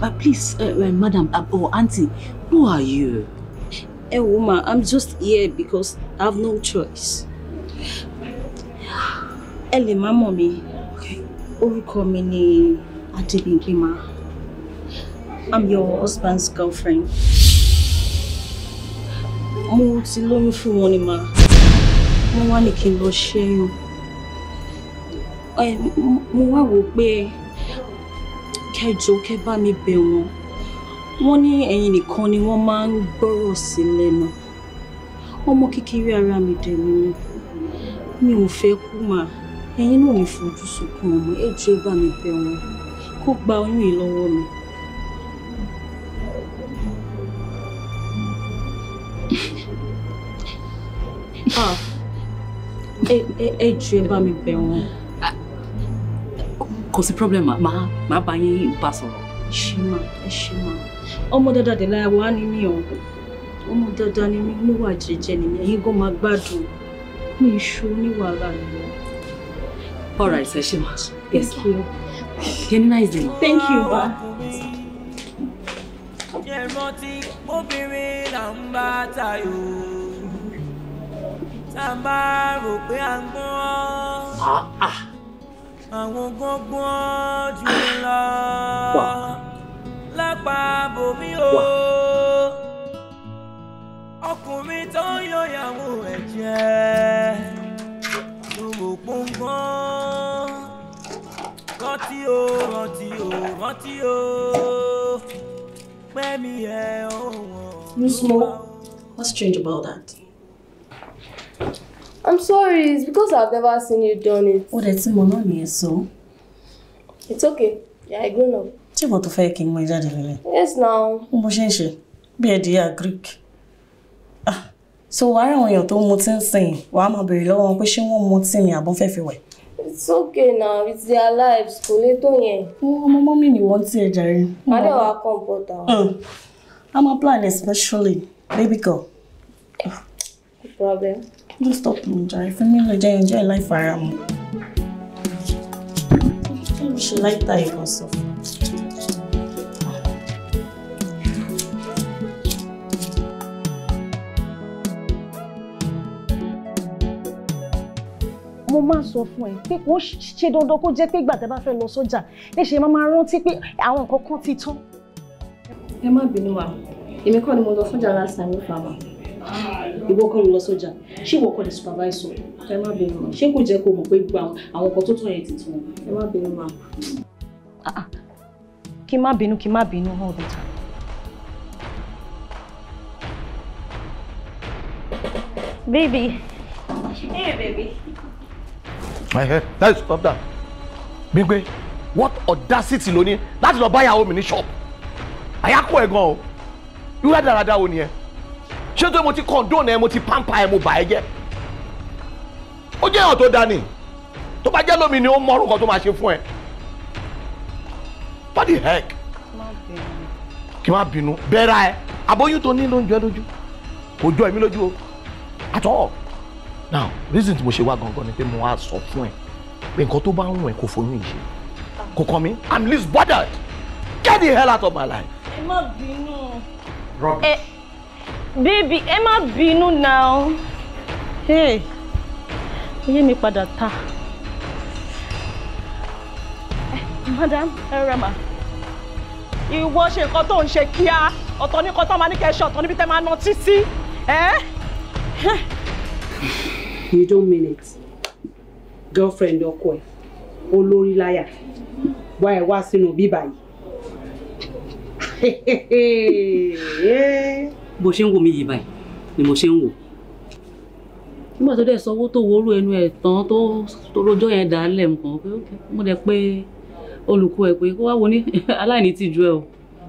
But please, uh, uh, madam uh, or auntie, who are you? A eh, woman, I'm just here because I have no choice. Ellie, my mommy, okay. mi. Orúkọ mi ni I'm your husband's girlfriend. Mo ti lóyún fún ma. Wọ́n wá ní kí n lọ Mo wá wò kẹjọ kẹ bá mi bẹ̀ wọ́n wọ́n ní ẹ̀yin nìkan ni wọ́n máa ń gbọ́rọ̀ sí lẹ́nu ọmọ kékeré ara mi dẹ̀ ni mi ò fẹ́ kú mà ẹ̀yin náà ní fojú sunkún ọmọ ẹjọ́ bá mi bẹ̀ wọ́n kó gba oyún yìí lọ́wọ́ mi. Ah, ẹ ẹ ẹ jù ẹ bá mi bẹ̀ wọ́n kò sí problem máa máa bá yín bá sọ̀rọ̀. ẹ ṣe máa ẹ ṣe máa ọmọ dáadáa dẹ̀ láyàwó á ní mí ọ̀hún ọmọ dáadáa ni mí níwà jẹ́jẹ́ ni mí ẹ̀yin gan máa gbádùn mi ìṣó níwà ara mi. all right ẹ ṣe máa yes ma get nice day ma. thank you ma. Ìrántí obìnrin là ń bá tayò, tá a bá rò pé à ń gbọ́n. Ah, ah àwọn gbọ́ngbọ́n jù lọ lápá bòmí o ọkùnrin tó ń yọyàwó ẹ̀ jẹ́ lówó pọ́ngbọ́n rántí o rántí o rántí o pẹ́mi ẹ̀ ọ̀wọ́n. Miss Mo, what's strange about that? I'm sorry, it's because I've never seen you done it. Ó dẹ̀ tí money, so. It's okay, yeah, I grown up. Ṣé you tó fẹ́ kí my mọ ìjáde Yes now. Mo ṣe ń Be a ẹ̀dí à Greek. Ah, so why are you talking tó ń mutí "Why am I máa bèrè lọ́wọ́ wọn pé ṣé wọ́n mutí ni àbọ̀n fẹ́ It's okay now, it's their lives, kò lè tó yẹn. Ọmọ mọ́mí ni wọ́n ti ẹ̀ jàre. Adé wa kàn bọ̀tà. A máa plan especially baby girl problem. Don't stop me, Jai. For me, Jai, enjoy life for am. She like that also. mo máa sọ fún ẹ pé kò ṣe dandan kó jẹ́ pé ìgbà tẹ́ bá fẹ́ lọ sọ́jà níṣe máa máa rántí pé àwọn nǹkan kan ti tán. ẹ má bínú wa èmi kọ́ ni mo lọ sọ́jà last time ní fàmà ìwọ kọ́ ló lọ sọ́jà ṣé ìwọ kọ́ ni supervisor ẹ má bẹ̀rù mà ṣé kò jẹ́ kó mọ̀ pé gba àwọn nǹkan tó tàn yẹn ti ẹ má bẹ̀rù mà. Ah, kí má bínú kí má bínú all the time. Baby. Hey, baby. My hair. That is stop that. Bímpé, what audacity ló ní láti lọ báyàwó mi ní shop. Àyákò ẹ̀ gan o. Irú àdáradá wo nìyẹn? ṣé tó mo ti condone ẹ mo ti pampa ẹ mo bà ẹ jẹ́ ó jẹ́ èèyàn tó dání tó bá jẹ́ lómi ni ó mọ orúkọ tó máa ṣe fún ẹ what the heck kí má bínú bẹ́ẹ̀ra ẹ aboyún tó ní ló ń jọ ẹ lójú kò jọ èmi lójú o at all now reason tí mo ṣe wá gangan ni pé mo wá sọ fún ẹ pé nǹkan tó bá ń wọ̀ ẹ́ kò fọyún yìí ṣe kò kàn mí i'm least bothered get the hell out of my life. ẹ má bínú. rubbish. Eh. Baby, ẹ má bínú now. Hey, oyé mi padà ta. Eh, madam, ẹ rẹ̀ mà. Ìwọ ṣe nǹkan tó ń ṣe kíá. Ọ̀tọ̀ ní kan tó máa ní kẹ́ ṣe ọ̀tọ̀ níbi tẹ́ máa ná títí. Eh? You don't mean it. Girlfriend ọkọ ẹ̀, olórí láyà, wá ẹ̀ wá sínú bíbá yìí. bó ṣe ń wo mi yìí báyìí ni mo ṣe ń wò nígbà tó dẹ̀ sanwó tó worú ẹnu ẹ̀ tán tó tó rojọ́ yẹn dà á lẹ̀ nǹkan pé mo dẹ̀ pé olùkọ́ ẹ̀ pé kó wá wo ní aláìní tìjú ẹ o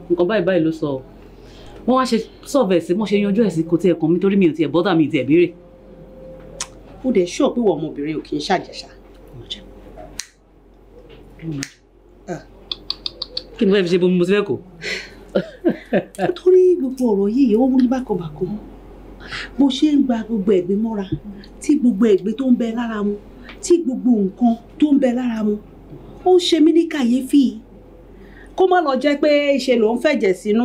nǹkan báyìí báyìí ló sọ ọ wọ́n wá ṣe sọ̀bẹ̀ sí mo ṣe yanjú ẹ̀ sí kò tiẹ̀ kàn mí torí mi ò tiẹ̀ bọ́dà mi tiẹ̀ béèrè. ó dẹ̀ ṣọ́ pé wọ́n ọmọbìnrin ò kì í ṣàjẹsà. kí ni mo fẹ́ fi ṣe bó mo ti fẹ́ kó. torí gbogbo ọ̀rọ̀ yìí ó rí bákanbàkan bó ṣe ń gba gbogbo ẹ̀gbin mọ́ra tí gbogbo ẹ̀gbin tó ń bẹ lára mu tí gbogbo nǹkan tó ń bẹ lára mu ó ń ṣe mí ní kàyéfì kó má lọ jẹ́ pé ṣe ló ń fẹ̀jẹ̀ sínú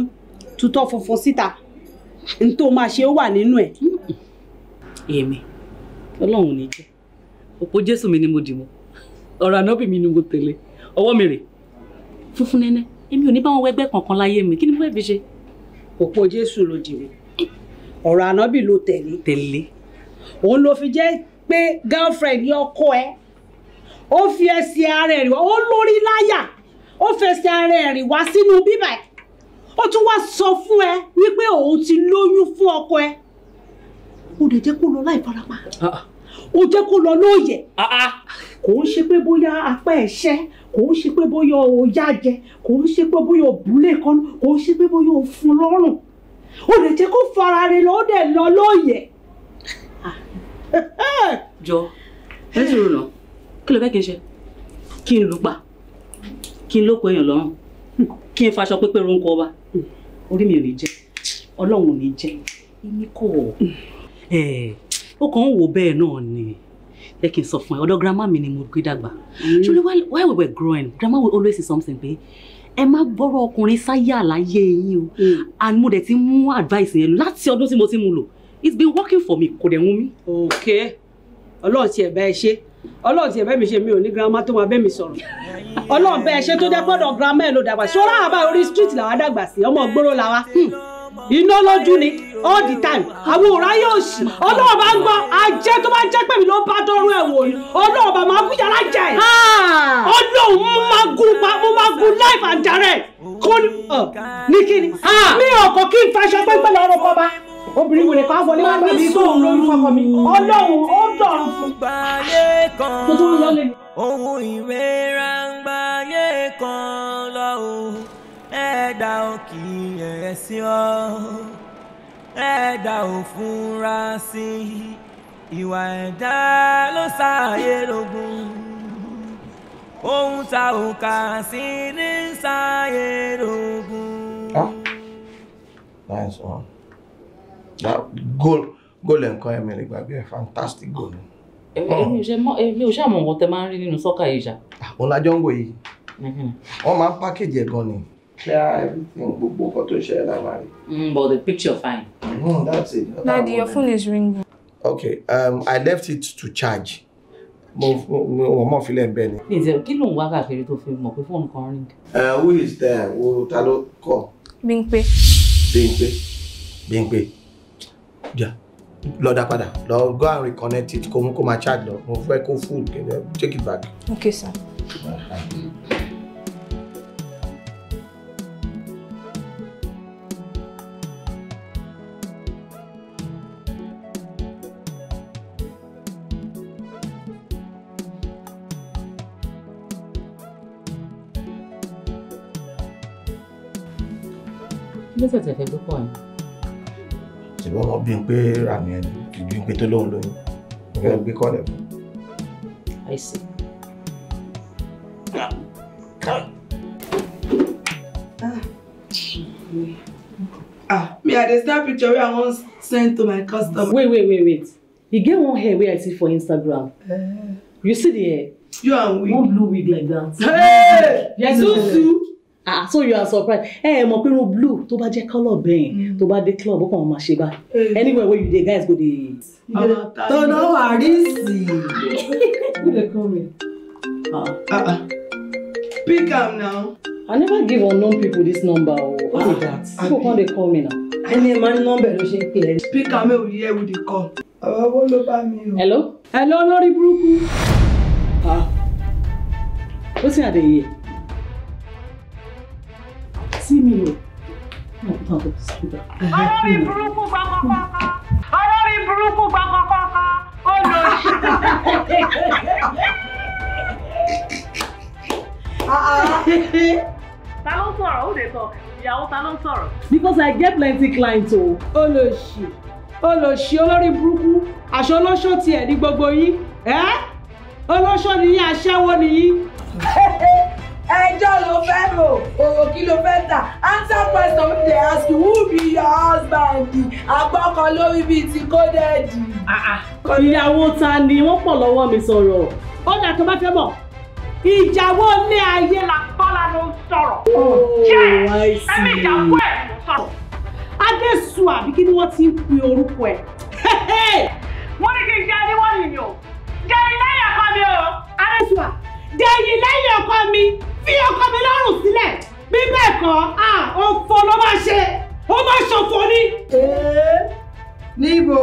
tutọ́ funfun síta n tó máa ṣe ó wà nínú ẹ̀. èmi ọlọ́run ní jẹ́ òpó jésù mi ni mo dì ọ̀rọ̀ ànábì mi ni mo tẹ̀lé ọwọ́ mi rè funfun nẹ́nẹ́ èmi ò ní bá wọn wẹgbẹ́ kankan láyé mi kí ni mo fẹ́ fi ṣe. òpó jésù ló dìrò ọ̀rọ̀ ànábì ló tẹ̀lé. tẹ̀lé. òun ló fi jẹ́ pé girlfriend ni ọkọ ẹ ó fi ẹsẹ̀ ara ẹ̀ rìn wá ó lórí láyà ó fẹsẹ̀ ara ẹ̀ rìn wá sínú bíbà ẹ̀ ó tún wá sọ fún ẹ wípé òun ti lóyún fún ọkọ ẹ ó dẹ̀ jẹ́ kó lọ láì farapa. Ah ó jẹ́ kó lọ lóòyẹ̀ ah, ah. kò ń ṣe pé bóyá apá ẹ̀ṣẹ́ kò ń ṣe pé bóyá o yá jẹ kò ń ṣe pé bóyá o búlé kan kò ń ṣe pé bóyá o fún lọ́rùn ó lè jẹ́ kó fara rẹ̀ lọ ó dẹ̀ lọ lóòyẹ̀. jọ ẹ sọ̀rọ̀ náà kí ló fẹ́ kí n ṣe kí n lù pa kí n lóko èèyàn lọ́rùn kí n faṣọ pépé ronko ọba orí mi ò ní jẹ ọlọ́run ò ní jẹ èmi kò. Mm ó kàn ń wò bẹ́ẹ̀ náà ni jẹ́ kí n sọ fún ẹ ọ̀dọ̀ grandma mi ni mo gbé dàgbà mm. ṣùgbọ́n while we were growing grandma will always say something pé ẹ má gbọ́rọ̀ ọkùnrin sáyé àlàyé yín o mm. and mo dẹ̀ ti mú advice yẹn lò láti ọdún tí mo ti mú lò it's been working for me kò dẹ̀ wù mí. ok ọlọ́run ti ẹ̀bẹ̀ ẹ ṣe ọlọ́run ti ẹ̀bẹ̀ mi ṣe mi ò ní grandma tó máa bẹ́ mi sọ̀rọ̀ ọlọ́run bẹ́ẹ̀ ṣe tó jẹ́ pọ́dọ̀ grandma ẹ̀ ló dàgbà ṣọ́ra àbá orí street làwa dàgbà sí ọmọ ìgboro làwa hmm iná lójú ni all the time àwọn òrà yóò sì ọlọ́run bá ń gbọ́ ajé tó bá jẹ́ pèmí ló bá dọ́rùn ẹ̀ wò ni ọlọ́run bá máa gún yàrá jẹ́ ẹ̀ ọlọ́run mo máa gún pa mo máa gún life and direct kó ní kíni mi ò kọ́ kí n fẹsẹ̀ pẹ́pẹ́ lọ́rùn kọ́ bá obìnrin wèrè kan wọlé wá gbàgbé kó òun lórí fọkọ mi ọlọ́run ó dọ̀rùn fún tuntun lọ́lẹ̀. ohun ìwé ra ń gbáyé kan lọ́hùn ẹ̀ẹ́dà ò kì í yẹ̀ sí ọ ẹ̀ẹ́dà ò fúnra sí ìwà ẹ̀dá ló sáàyè lógún ohun tá ò kà sí ní sáàyè lógún. nice one that goal goal nǹkan ẹ̀mí lè gbàgbé ẹ̀ fantastic goal. èmi ò ṣàmọ̀ nǹkan tẹ máa ń rí nínú sọ́kà yìí ṣá. àwọn ah, lájọ́ ń wò yìí wọ́n máa ń pákéjì ẹ̀ gan ni clear everything gbogbo nǹkan tó ṣẹlẹ̀ lámàrí. Mm, but the picture fine. Mm, that's it. Daddy, your phone is ringing. okay um, I left it to charge mo mo mo fi lẹ́ẹ̀ bẹ́ẹ̀ ni. ǹjẹ́ eh, kí ló ń wá káàkiri tó fi mọ̀ pé fóònù kan ring. Uh, who is there wo ta ló kọ. Bímpé. Bímpé Bímpé jà lọ dá padà lọ go and reconnect it kó mú kó máa charge lọ mo fẹ́ kó full take it back. okay sir. kí ló ṣẹ̀ṣẹ̀ fẹ́ púpọ̀ yẹn. ṣùgbọ́n wọ́n bí n pé àmì ẹ̀ bí n pé tó lóun lóyún mo fẹ́ gbé kọ́lẹ̀ fún. I see. Ah, me I dey snap picture wey I wan send to my customer. Wait, wait, wait, wait. You get one hair wey I see for Instagram. Uh, you see the hair? You and we? One blue wig like that. Hey! Yes, Zuzu! ah so you are surprised ẹ ẹ mọ̀ pé irun blue tó bá jẹ́ colour bẹ́ẹ̀ mm. tó bá dé club ó kàn máa ṣe báyìí anywhere where you dey guys go dey. tọ́nà wà rí sí i. Ah. Ah, ah. pick am now. I never give unknown people this number o. Oh. What is that? People come dey call me now. Ẹni ẹ̀ máa ń nọ́mbẹ̀ ló ṣe ń pè ẹ́. Pick am ẹ̀ ò yẹ dey call. Àwọn owó ló bá mi o. Hello? Hello lórí burúkú. Ah. Wetin I dey hear? sí mi o. olórí burúkú pápápápá olórí burúkú pápápápá ó lọ sí. ta ló sọ̀rọ̀ ó lè sọ ìyàwó ta ló sọ̀rọ̀. because i get plenty clients o olóṣì olóṣì olórí burúkú aṣọ olóṣò tiẹ̀ ní gbogbo yín olóṣò nìyí aṣẹ́wó nìyí ẹjọ́ ló fẹ́ rò òrò kí ló fẹ́ tà answer question wey dey ask you who be your husband agbọ́kọ lórí bíi ti ah, ah, kódẹ́ẹ̀dì. ìyàwó ta ni wọ́n pọ̀ lọ́wọ́ mi sọ̀rọ̀ kódà tó bá fẹ́ mọ̀ ìyàwó ní ayé la bọ́lá ló ń sọ̀rọ̀ ṣé oh, ẹ̀mí ìyàwó ẹ̀ ló sọ̀rọ̀. adéṣù àbí kí ni wọ́n ti ń pe orúkọ ẹ̀. wọ́n ní kí n jẹ́ níwọ̀n nìyẹn o jẹ́ ilé ẹ̀kọ́ mi o. adéṣù à jẹ́ ilé ẹ̀kọ́ mi fi ọkọ mi lọ́rùn sílẹ̀ bí bẹ́ẹ̀ kọ́ òfò ló máa ṣe ó máa ṣòfò ni. níbo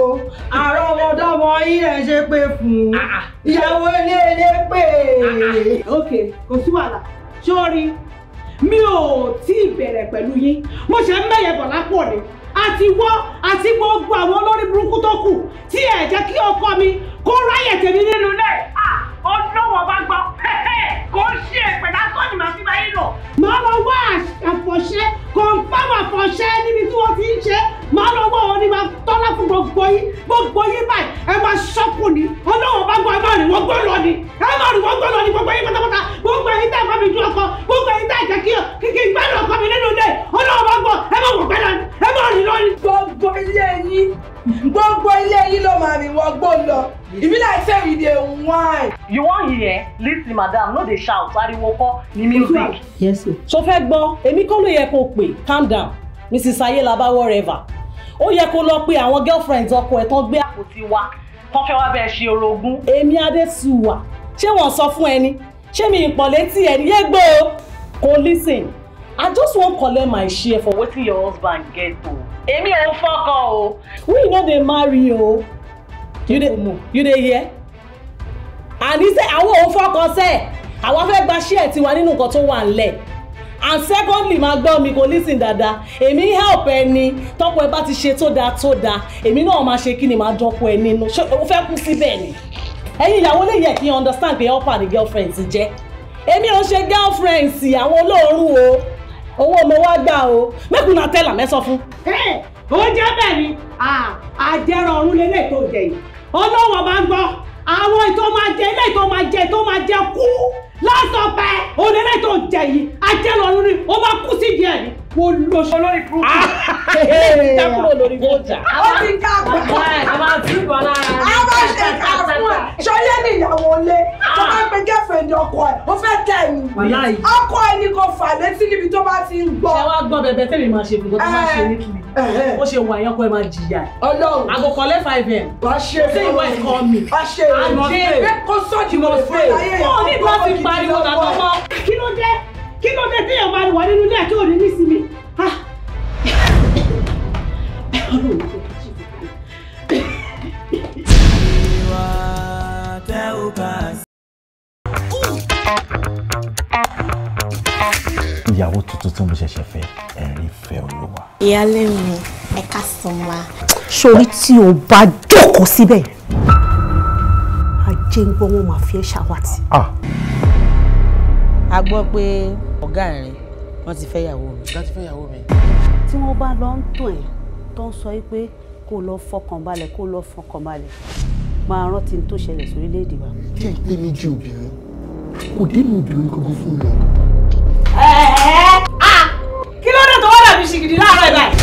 àárọ̀ ọmọdọ́mọ yín ẹ̀ ṣe pé fún ìyàwó ilé ilé pè. ok kò sí wàhálà sórí mi ò tí ì bẹ̀rẹ̀ pẹ̀lú yín mo ṣe ń bẹ̀yẹ̀ bọ̀ lápò ni àti wọ́ àti gbogbo àwọn olórí burúkú tó kù tí ẹ̀ jẹ́ kí ọkọ mi kó ráyè tèmi nínú náà ọlọ́wọ́ bá gbọ́ kó ṣe èpè lásán ni màá fi máa yín lọ. màá lọ wá àfọ̀ṣẹ́ confam àfọ̀ṣẹ́ níbi tí wọ́n ti ń ṣe màá lọ wá wọn ni màá tọ́lá fún gbogbo yín gbogbo yín báyìí ẹ máa ṣọ́kù ni ọlọ́wọ́ bá gbọ́ ẹ máa rìn wọ́n gbọ́ lọ ni ẹ máa rìn wọ́n gbọ́ lọ ni gbogbo yín pátápátá gbogbo yín tẹ̀ fún mi ju ọkọ gbogbo yín tẹ̀ jẹ́ kí kí gbẹ́rù ọkọ mi nínú ilé ọlọ́wọ́ bá gbọ́ ẹ máa wọ̀ gbẹ́rù ẹ máa rìn lọ ni. gbogbo ilé yín gbogbo ilé yín ló máa rìn wọ́n gbó lọ e be like say we dey whine. you wan hear lis ten madam no dey shout ariwo kọ́ ni music. yes sir. so fẹ́ gbọ́ èmi kọ́ ló yẹ kó o pè calm down mrs ayélabá wherever ó yẹ kó lọ pé àwọn girlfriends ọkọ ẹ̀ tán gbé àpótí wa kán fẹ́ wá bẹ́ẹ̀ ṣe orogún. èmi adéṣùwà ṣé wọ́n sọ fún ẹni ṣé mi ìpọ̀lẹ́tì ẹni yé gbó o kò lis ten I just wan collect my share for wetin your husband get o. Èmi ò ń fọ́kọ o. We no dey marry o. You dey know? You dey hear? Àní sẹ́ àwọn òun fọ́kọ sẹ́, àwa fẹ́ gba share tiwa nínú nǹkan tó wà ńlẹ̀. And secondly, máa gbọ́ mi kò listen Dada. Èmi help ẹni tọ́pọ̀ ẹ bá ti ṣe tó dáa tó dáa. Èmi náà máa ṣe kí ni máa dọ́pọ̀ ẹ nínú. Ṣé o fẹ́ kú síbẹ̀ ni? Ẹ̀yin ìyàwó lè yẹ kí understand pé helper ni girlfriend ti jẹ́. Èmi ò ṣe girlfriend sí àwọn olóòórùn o owó ọmọ wa gbà o make una tell am ẹ sọ fún. ó jẹ́ bẹ́ẹ̀ ni àjẹrò ọ̀run lélẹ̀ tó jẹ yìí ọlọ́wọ́ máa ń gbọ́ àwọn ètò máa jẹ ilé ètò máa jẹ tó máa jẹ kú lásán pẹ òdẹ́lẹ̀ tó jẹ yìí ajẹ́ lọ lórí ó máa kú sí díẹ̀ ni mo lo ṣe lórí burúkú ká ah, kúrò lórí bójà. ó ti ká àgbà a máa tún bọ̀ lára rẹ̀. a máa ṣe ká fún ẹ ṣọlẹ́ ní ìyàwó ilé tó bá pe gẹ́fẹ̀ẹ́dì ọkọ ẹ̀ ó fẹ́ tẹ̀ ẹ̀yìn ọkọ ẹ̀ ní kò fà létí níbi tó bá ti ń gbọ́. ṣé wàá gbọ́ bẹ̀bẹ̀ tẹ́lẹ̀ máa ṣe gbogbo tó máa ṣe ní kiri eh, eh, eh. ó ṣe wà yẹn kó ẹ máa jìyà ẹ. Ọlọ́run aago kan lẹ five m. wàá ṣe é ṣé ìwọ ẹ kọ mi. wàá ṣe é ṣe é kó sọ́ọ̀dì mo ṣe é. ó ní ìgbà tí pariwo tàbí ọmọ. kí ló dé kí ló dé téèyàn máa wà nínú ilé àti òní nísìmí. ìyàwó tuntun tí mo ṣẹ̀ṣẹ̀ fẹ́ ẹ̀rín fẹ́ olúwa. ìyáálé mi ẹ̀ka sọ̀ma. sori tí o bá jókòó síbẹ̀ jẹ́ ń gbọ́ wọn máa fi ẹ́ ṣàwátì. a gbọ́ pé ọ̀gá rẹ̀ wọ́n ti fẹ́ mi. ọ̀gá ti fẹ́ mi. tí wọ́n bá lọ ń tàn ẹ́ tó ń sọ pé kó lọ fọkàn balẹ̀ kó lọ fọkàn balẹ̀ máa rántí tó ṣẹlẹ̀ sórílẹ̀-èdè wa. jẹ́ ìpè méjì obìnrin kò dénú obìnrin kankan fún mi. ẹ ẹ ah kí ló dé tó wọ́n dàbí ṣìgìdì láàárọ̀ ìbáyìí.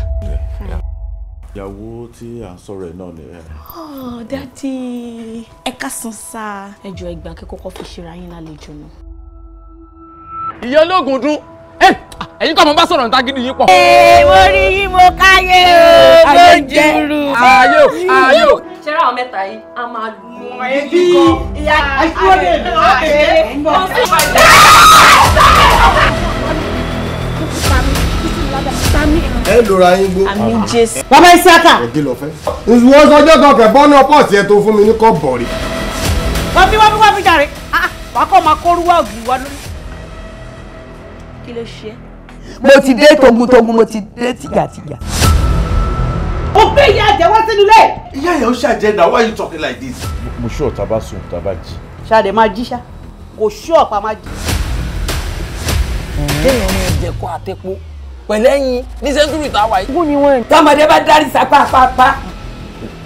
ìyàwó tí à ń sọ̀rọ̀ ẹ̀ náà nìyẹn. ọ dádì ẹ káàsán sá. ẹ jọ ẹgbàá kí kọ́kọ́ fi ṣera yín lálejò náà. ìyá ológun dún ẹ̀yin kọ́ mo bá sọ̀rọ̀ níta gidi yín pọ̀. ee mo rí yín mo káyé o mo jẹrù. ayé o ṣẹ́ra àwọn mẹ́ta yìí a máa lu ẹbí ìyá àìsíwọ́lé ọ̀kẹ́ mọ̀. sami sami ẹ lóra yín gbó. àmì jésù. bàbá Isiaka. òde lọ fẹ́. ìwọ sọjọ́ kan fẹ́ bọ́nú ọpọ́ọ̀sì ẹ tó fún mi ní kọ́ bọ̀rì. wọ́n fi wọ́n fi wọ́n fi jàre ah, ah, wàá kọ́ máa kóruwá ògiri wá lórí. kí ló ṣe é. mo ti dé togun-togun mo ti dé tìgàtìgà. mo gbé ìyá àjẹwọ́ sínú ilé. ìyá yẹn ó ṣàjẹ́ na why you talking like this. mo ṣú ọ̀tá bá sùn ọ̀tá bá jí. ṣáde máa jí ṣá kò ṣú ọ̀pá máa jí. kéèyàn ní ẹ̀jẹ̀ kó àtẹ́pó pẹ̀lẹ́yìn ní sẹ́ńtúrì tá a wà kú ni wọ́n. tọmọdé bá dárí sapá pápá.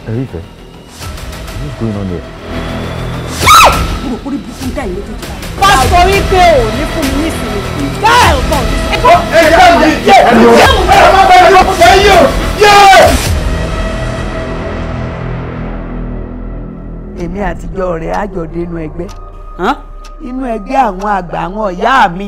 ẹ̀rí ìfẹ́ what is going on here. kúrò kúrò bí fún káyọ̀ pásítọ̀ rí pé ní fún mi nísìnyí. káyọ̀ ọ̀gbọ́n mi. jẹ́ mi jẹ́ mi jẹ́ mi bẹ́ẹ̀ má bẹ́ẹ̀ lọ èmi àtijọ́ rẹ̀ á jọ ẹgbẹ́ inú ẹgbẹ́ àwọn àgbà àwọn ọ̀yá mi.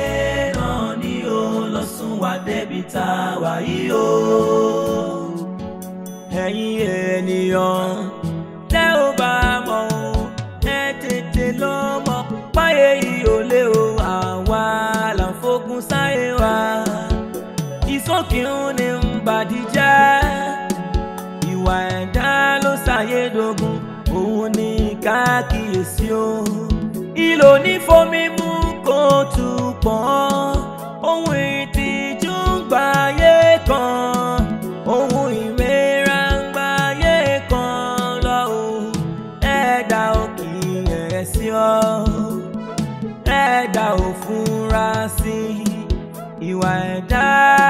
wa débi tá a wà yìí o. ẹ̀yin ènìyàn tẹ́ ò bá mọ̀ o ẹ tètè lọ mọ̀ páyé yìí ò lé o àwa là sáyé wa. ìsókìrún ni ń bàdíjẹ́ ìwà ẹ̀dá ló ṣàyédógún òun ní káàkiyèsí o. ìlò ní fomi mú kó tù pọ̀ ohun ìtì gbáyé kan ohun ìmẹ́ra ń gbáyé kan lọ o ẹ̀dá ò kì í yẹ̀ sí ọ ẹ̀dá ò fúnra sí ìwà ẹ̀dá.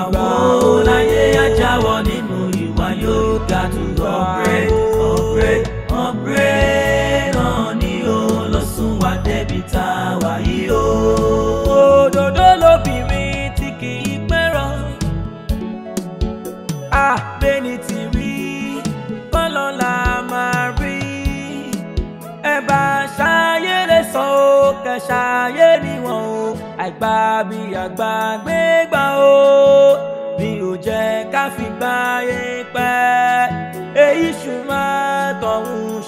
gbogbo láyé ajáwọ́ nínú ìwà yóò ga to upgrade upgrade upgrade náà ni ó lọ sún wa débi tá a wà yìí ó. òdòdó lóbìnrin tí kì í pẹ́rọ àbẹ́ni ti rí bọ́lọ́ la máa rí ẹ bá ṣayé lè sọ ó kẹ ṣayé níwọ̀n o àìgbà bíi àgbàgbé. só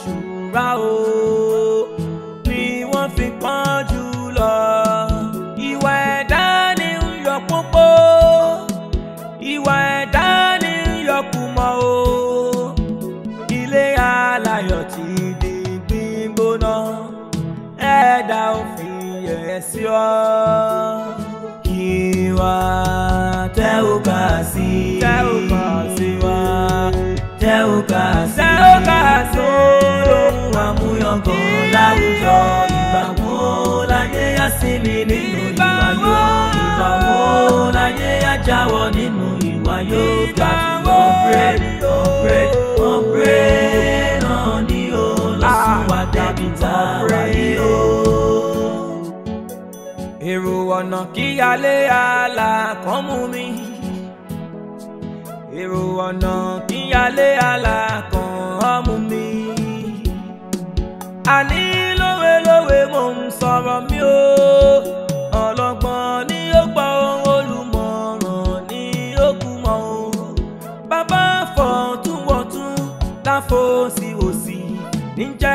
oore náà ni ó ló sún wa débi tá a wà yìí o. èrò ọ̀nà kíyalé àlà kan mú mi èrò ọ̀nà kíyalé àlà kan mú mi. àní ನಿಂಚೆ